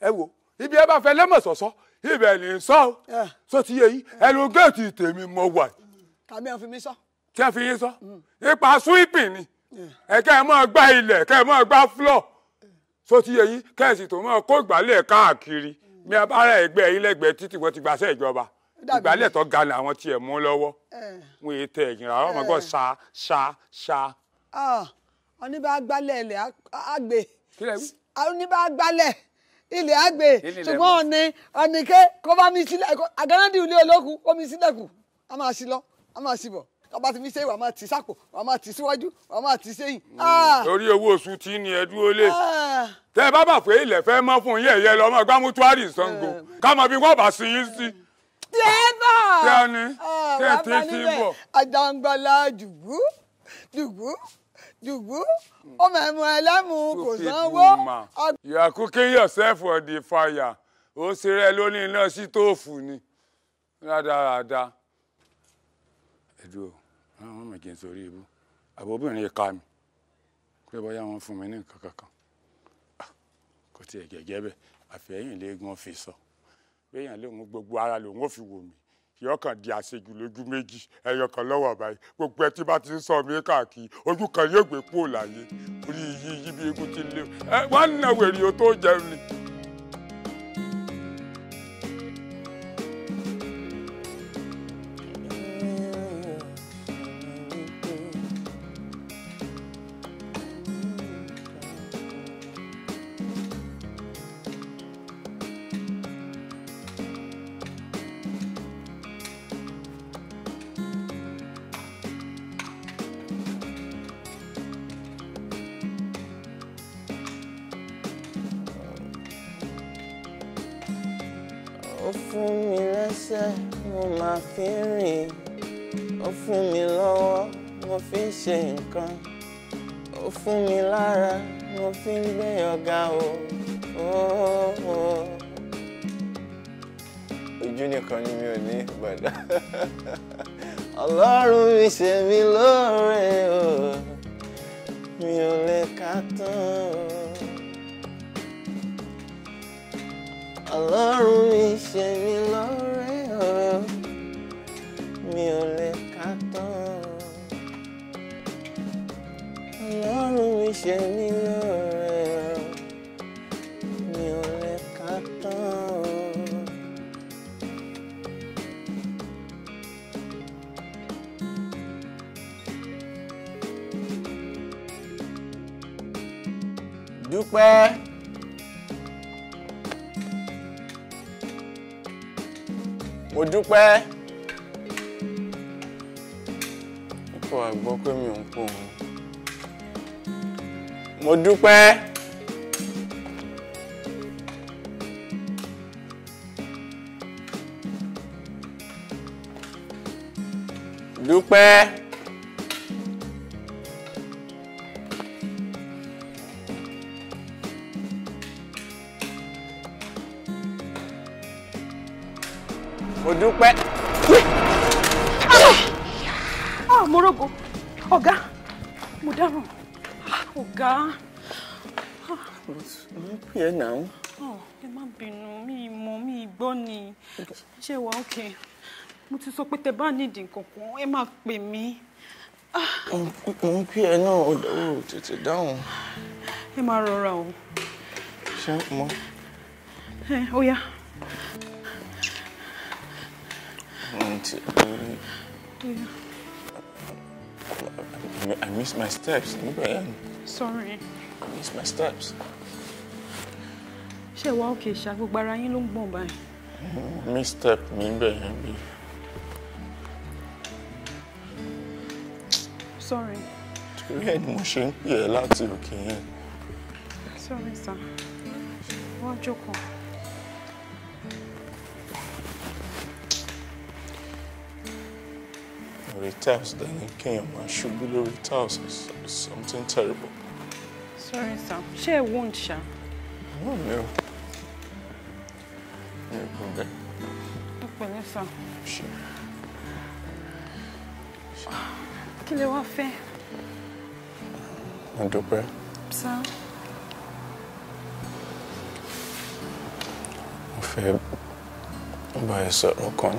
ẹ wo ibi ẹ bá fẹ́ lẹ́mọ̀ sọ̀sọ́ ibẹ̀ ni sọ sọ ti yẹ yìí ẹnu géètì tèmi mọ wà. tàbí ẹ fi mi sọ. tí a fi yín sọ. Mm. ipa sweeping ni. ẹ kẹ́ ẹ máa gbá ilẹ̀ kẹ́ ẹ máa gbá floor so ti yẹ yín kẹ́sì tó máa kó ìgbálẹ̀ káàkiri bí abára ẹgbẹ́ yín lẹ́gbẹ̀ẹ́ títí wọ́n ti gbàṣẹ́ ìjọba ìgbálẹ̀ tó ga ni àwọn tiẹ̀ mú lọ́wọ́ wọn èyí tẹ ẹ̀yìn rárá ọmọ gbọ́ sa sa sa. oníbà gbálẹ̀ ilẹ̀ àgbẹ̀ oníbà gbálẹ̀ ilẹ̀ àgbẹ̀ ṣùgbọ́n ọ̀nì ọ̀nìkẹ́ kọ́ bá mi sílẹ̀ àgànnàdì ilé olókùn kó mi sílẹ̀kùn a máa sí lọ a máa sí bọ̀ tó ti fi ṣe wàá máa tì sápò wàá máa tì síwájú wàá máa tì sẹ́yìn. Mm. Ah. torí owó oṣù tí ní ẹ dúró lé ah. tẹ bá bà pé ilẹ̀ fẹ́ mọ́ fún yẹn yẹn lọ́mọ gbá mútuárì Ṣàngó eh. ká bí wọ́n bá sin yín sí. dẹ́bà kẹ́ni kẹ́ni tí ń bọ̀. àjàngbọ̀lá dùgbú dùgbú dùgbú ọmọ ẹ̀mú ẹlẹ́mú kò sanwó. you are cooking yourself on the fire ó ṣeré lónìí iná sí tóòfù ni rádaràda ẹ̀dùn wọn mọ̀ kí n sórí ibú àbóbìnrin ka mi pé bóyá wọn fún mi ní nǹkan kankan ah, kò tiẹ̀ gẹ́gẹ́ bẹ́ẹ̀ àfẹ́yìn léegun fi sọ béèyàn lòun gbogbo ara lòun ò fi wò mí yọ kàn di àṣejù lójú méjì ẹyọ kan lọ́wọ́ báyìí gbogbo ẹ tí bá ti ń sọ mí káàkiri ojú kan yóò gbé kúrò láyé orí yíyí bí egun ti lé wọn náà wèrè o tó jẹun ni. fún mi lára mo fi ń gbé ọ̀gá o. ojú nìkan ni mi ò ní gbọ́dọ̀ [LAUGHS] ọlọ́run mi ṣe mí lóore o. pẹ́. ikọ̀ àgbọ̀ pé mi ò ń pò wọ́n. mo dúpẹ́. dúpẹ́. mo ah, ah morogo ọ̀gá mo dáràn ah, ọ̀gá. mo ń pè é náà. ẹ má bínú mi mi gbọ́ ni ṣé wàá òkè mo ti sọ pé tẹ bá pè mí. mo ń pè é náà tètè dáhùn. ẹ eh, Yeah. I missed my steps. Sorry. I missed my steps. Ṣé wá òkè ṣá gbogbo ara yín ló ń gbọ̀n báyìí? Mi step mi bẹ̀rẹ̀ bí. Sorry. Torí ẹ̀ ni mo ṣe ń pè ẹ́ láti òkè yẹn. Sorry sir. Wọ́n jókòó. lórí came. dání should be the lórí tiles is something terrible. sorry sir ṣé a wound sir. No, no. No mi ò gbọ́n bẹ́ẹ̀. ẹ pẹ̀lẹ́ sir. ṣe Kill lẹ wá fẹ́. do pray, sir. mo fẹ́ bá ẹ sọ̀rọ̀ kan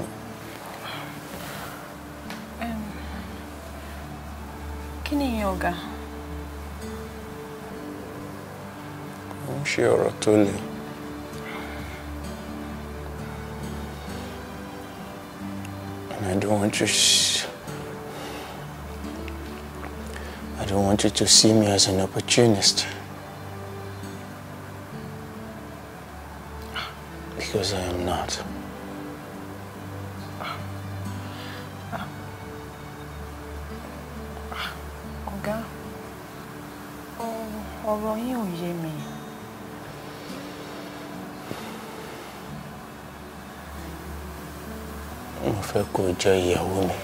kini yẹn ọ̀gá. ó ń ṣe And I don't want you. I don't want you to see me as an opportunist. Because I am not. fẹ́ kó jẹ́ ìyàwó mi.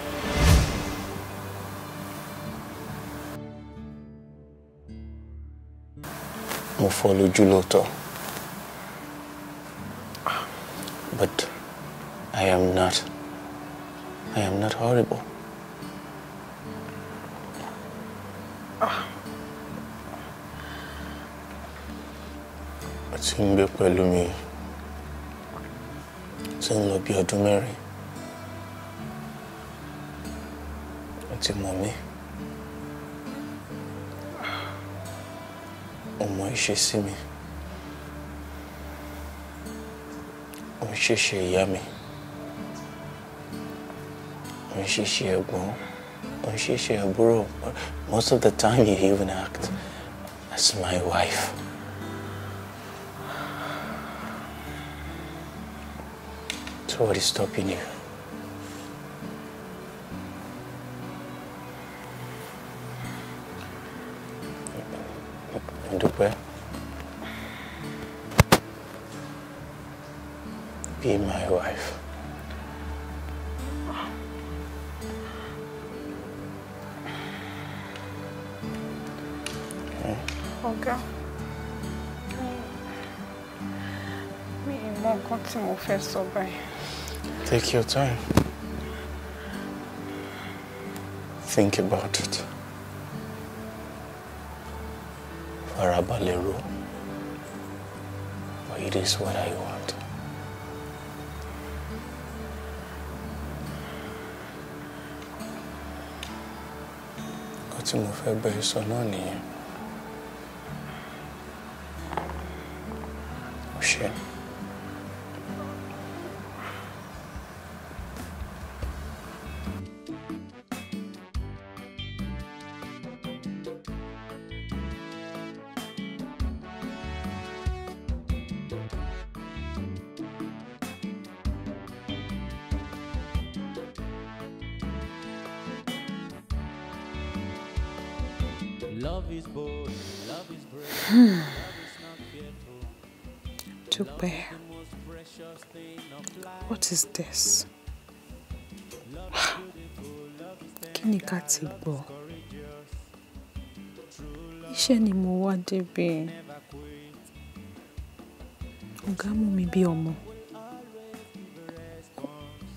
mo fọ́ lójú lóòótọ́ but I am not I am not horrible. Ó ti ń gbé pẹ̀lú mi tí ń lọ bí ọdún mẹ́rin. ti mọ̀ mí ó mọ ìṣesí mi ó ń ṣèṣe ìyá mi ó ń ṣèṣe ẹ̀gbọ́n ó ń ṣèṣe àbúrò most of the time you even act as my wife. So what is stopping you? Take your time. Think about it. Farabalẹ̀ But it is what I want. Nǹkan tí mo fẹ́ bẹ́ẹ̀ sọ débí ọ̀gá mú mi bí ọmọ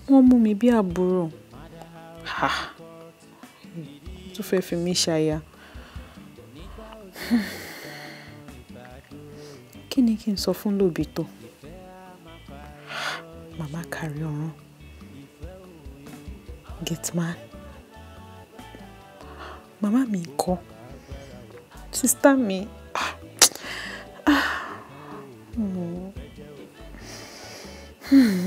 wọ́n mú mi bí àbúrò tó fẹ́ fi mí ṣaya [LAUGHS] kí ni kí n sọ fún lóbìtọ́ màmá kárí ọ̀run gateman màmá mi kọ́ sísítà mi. Hmm.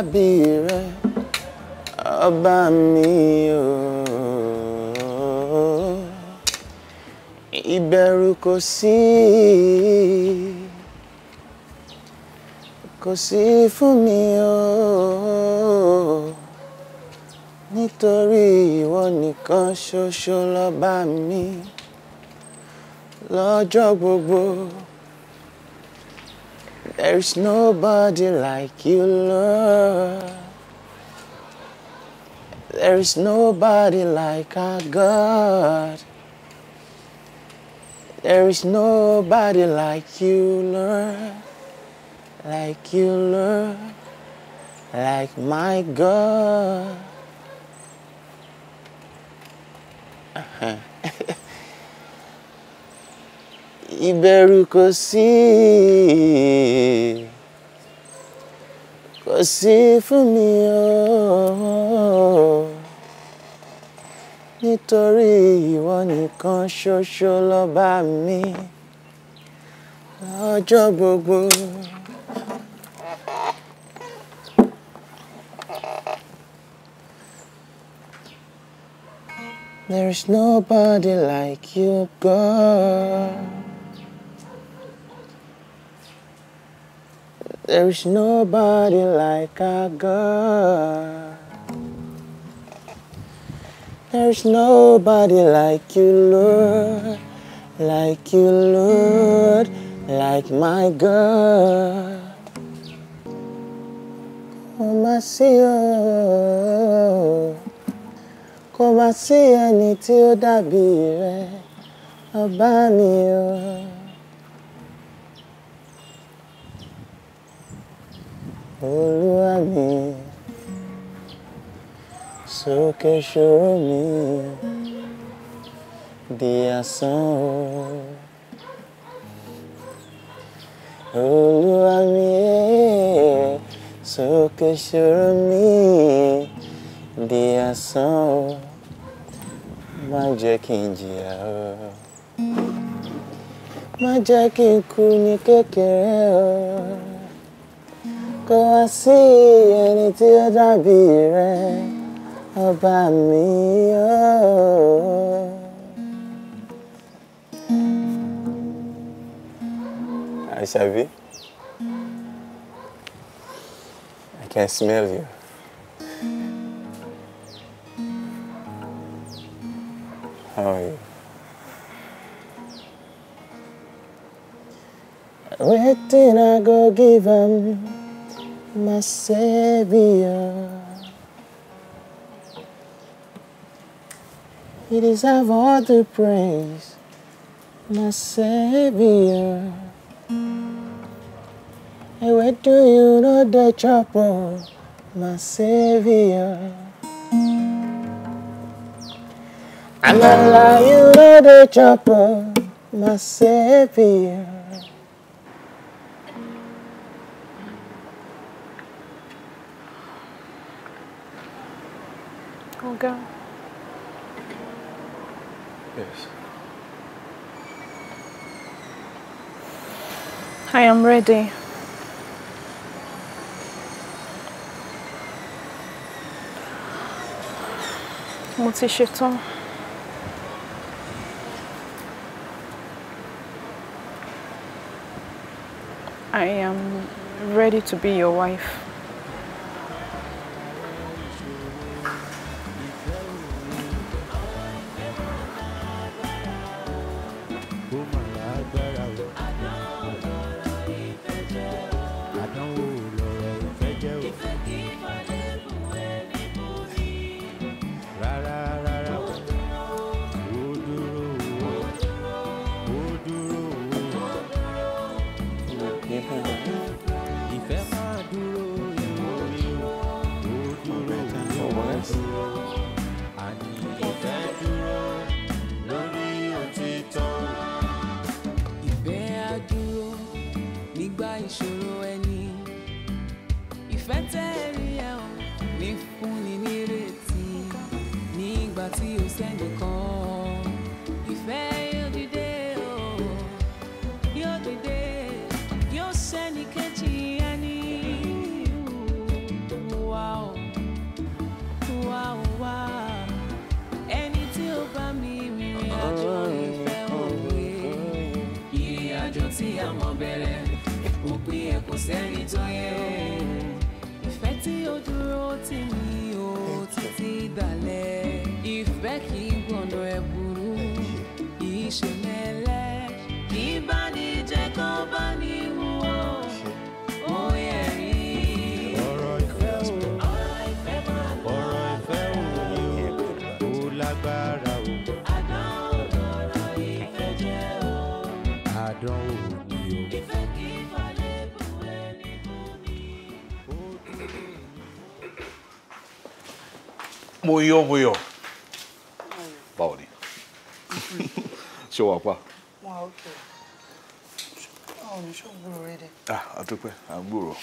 tóbi rẹ ọba mi o ìbẹ̀rù kosi, sí kò sí fún mi o nítorí ìwọ nìkan ṣoṣo lọ́ba mi lọ́jọ́ gbogbo. There's nobody like you, Lord. There's nobody like our God. There is nobody like you, Lord. Like you, Lord. Like my God. Uh-huh. ìbẹ̀rù kò sí kò sí fún nítorí ìwọ nìkan ṣoṣo lọ́ba mi lọ́jọ́ gbogbo. There is nobody like you, God. There is nobody like our God. There's nobody like you, Lord, like you, Lord, like my God. Come and see, oh, come and see ẹni tí ó dàbí rẹ̀, ọba o. Ô lua sou que choro de ação. Ô lua minha, sou que choro de ação. É que quem dia, magia quem é cune que quer. Though I see any teardrop be red about me, oh. I shall be. I can smell you. How are you? did I go give them. my Savior. He deserves all the praise, my Savior. And went to you know the trouble, my Savior. I'm gonna lie, you know the trouble, my Savior. go? Yes. I am ready. Mo ti I am ready to be your wife. もういいよもういいよバオリ ṣọwọ́ [LAUGHS] apá. Ah, a dúpẹ́ à ń gbòòrò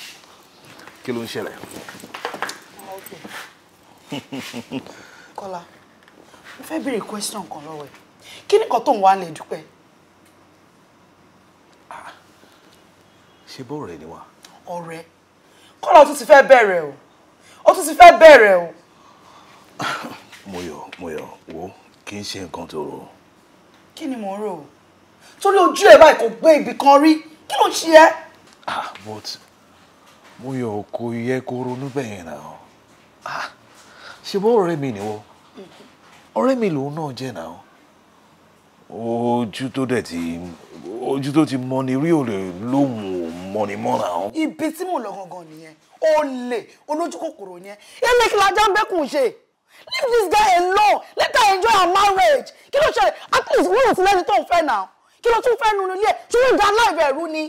kí ló ń ṣẹlẹ̀. kọ́lá mo fẹ́ béèrè question kan lọ́wọ́ ẹ̀ kí ni kan tó ń wá lè dúpẹ́. Ah, ṣe bọ́ọ̀rẹ́ ni wá. ọ̀rẹ́ o tún ti fẹ́ bẹ̀rẹ̀ o o tún ti fẹ́ bẹ̀rẹ̀ o. [COUGHS] Moyọ̀ Moyọ̀ wo kì í ṣe nǹkan tó rò. kí ni mò ń rò torí ojú ẹ báyìí kò gbé ibì kan rí kí ló ṣe ẹ́. ah but Moyọ̀ kò yẹ kó ronú bẹ́ẹ̀ yẹn náà ah ṣe bọ́ ọ̀rẹ́ mi nìwọ ọ̀rẹ́ mi lòun náà jẹ́ náà ojú tó dẹ̀ ti ojú tó ti mọni rí òlè lóhùn mọni mọ́ra wọn. ibi tí mò ń lọ gangan nìyẹn olè olójú kòkòrò yẹn eléyìí lajá ń bẹ́kùn ṣe leave this guy alone let her enjoy her marriage kí ló ṣẹlẹ̀ at least wọ́n ò fún lẹ́ni tó ń fẹ́ náà kí ló tún fẹ́ nu ilé ẹ̀ tí wọ́n da láìpẹ́ ẹ̀rú ni.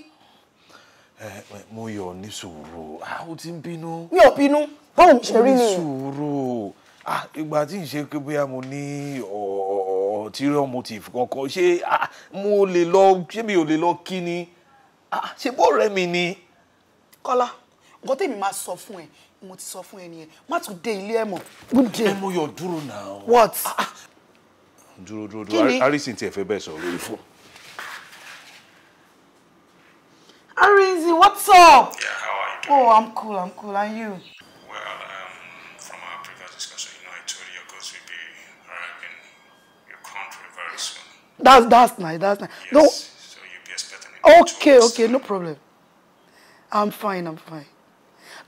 Eh, eh, mo yọ ní sùúrù ó ti ń bínú. mi ò bínú báwo mi ṣe rí ni. sùúrù ìgbà tí n ṣe pé bóyá mo ní ulterior motive kankan ṣé mo lè lọ ṣé mi ò lè lọ kí ni ṣe bó rẹ mi ni. kọ́lá nǹkan tèmi máa sọ fún ẹ mo ti sọ fún ẹni yẹn má tún dé ilé ẹ mọ good day. ẹ mú yọ dúró náà. what. Ah, ah. dúró dúró dúró harrison tiẹ̀ fẹ́ bẹ́ẹ̀ sọ̀rọ̀ lórí fún. harrison what's up. Yeah, how are you oh, doing? oh i'm cool i'm cool and you. well um, from our previous discussion you know i told you your girls will be arriving your country very soon. that's that's nice that's nice. yes no. so you be expecting. okay okay time. no problem i'm fine i'm fine.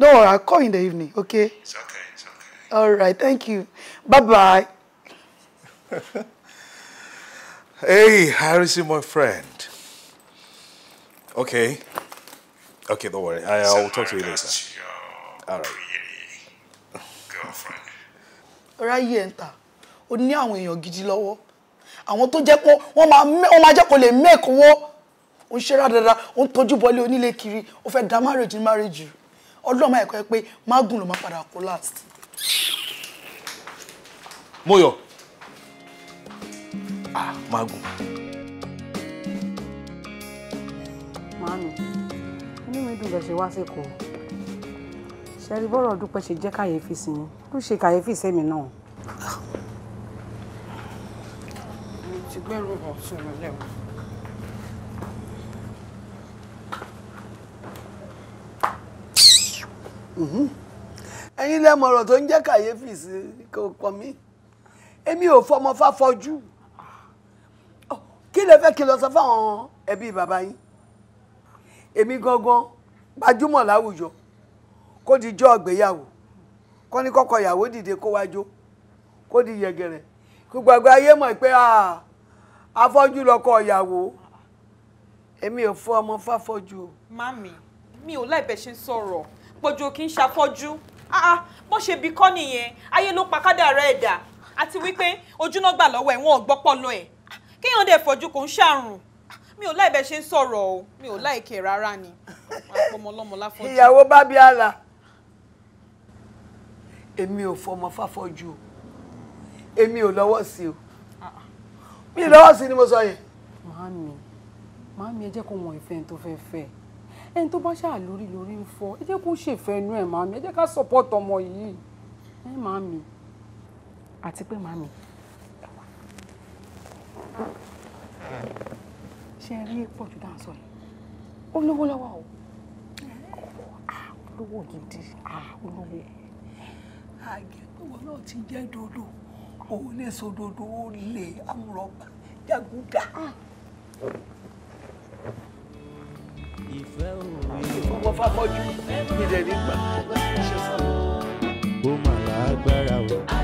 No, I'll call in the evening, okay? It's okay, it's okay. All right, thank you. Bye-bye. [LAUGHS] hey, Harrison, my friend. Okay. Okay, don't worry. I, will talk to you later. All right. Girlfriend. All right, you enter. Ó ní àwọn èèyàn gidi lọ́wọ́. Àwọn tó jẹ́ pé wọ́n máa wọ́n máa jẹ́ kó lè make owó. Ó ń ṣe rádàrà, ó ń tọ́jú bọ́lé onílé kiri, ó fẹ́ da marriage ní marriage ọlọ́mọ ẹ̀kọ́ ẹ pé mágùn ló máa padà kó last. Moyọ̀ ah mágùn. màánù inú mi dùn bẹ́ẹ̀ ṣe wá sẹ́kọ̀ọ́ ṣẹ́rí bọ́rọ̀ dúpẹ́ ṣe jẹ́ kàyéfì sí mi ló ṣe kàyéfì sẹ́mi náà. mo ti gbẹ́rù ọ̀sùn rẹ̀ lẹ́wọ̀n. Mhm. ẹ̀yin lẹ́mọ̀ ọ̀rọ̀ tó ń jẹ́ kàyéfì sí kò kàn mí èmi ò fọmọ fáfọjú kí lè fẹ́ kí lọ sọ fáwọn ẹbí bàbá yín èmi gangan gbajúmọ̀ láwùjọ kó di jọ́ ọ̀gbéyàwó kó ní kọ́kọ́ ìyàwó dìde kó wájó kó di yẹ̀gẹ̀rẹ̀ gbogbo ayé mọ̀ pé afọ́jú lọ́kọ ìyàwó èmi ò fọ́ ọmọ fáfọ́jú. mami mi ò láì bẹ̀ ṣe sọ̀rọ̀ pòjò kì í ṣàfọ́jú ah, ah, bó ṣe bí kọ́ nìyẹn ayé ló pa kádàrá ẹ̀dá àti wípé ojúná gbà lọ́wọ́ ẹ̀ wọ́n gbọ́pọ̀ lọ ẹ̀ kéèyàn dẹ̀ fojú kò ń ṣàrùn mi ò láì bẹ́ẹ̀ ṣe ń sọ̀rọ̀ o mi ò láì kẹ̀ rárá ni àpọmọlọmọ láfọ́jú. ìyàwó bá bí àlà èmi ò fọmọ fáfọ́jú o èmi ò lọ́wọ́ sí o ah, mi lọ́wọ́ sí ni mo sọ yẹn. màámi màámi ẹ jẹ́ kó mọ ìfẹ́ tó fẹ́ fẹ́ ẹ ẹni tó bá ṣáà lórí lórí ń fọ ẹ jẹ́ kó ṣèfẹ́ inú ẹ̀ màmí ẹ jẹ́ ká support ọmọ yìí ẹ màmí àti pé màmí ṣe rí pọ̀ ju dáńsọ yìí ó lówó lọ́wọ́ o olówó gidi olówó. àgẹ̀tọ̀wọ̀ náà ti jẹ́ dodo òun ní sódodo ó lè amúrọ̀gbà jágúdà gbogbo fáfọ́jú ìdẹ̀rí gbà ó ṣe sàn. ó mà lágbára o.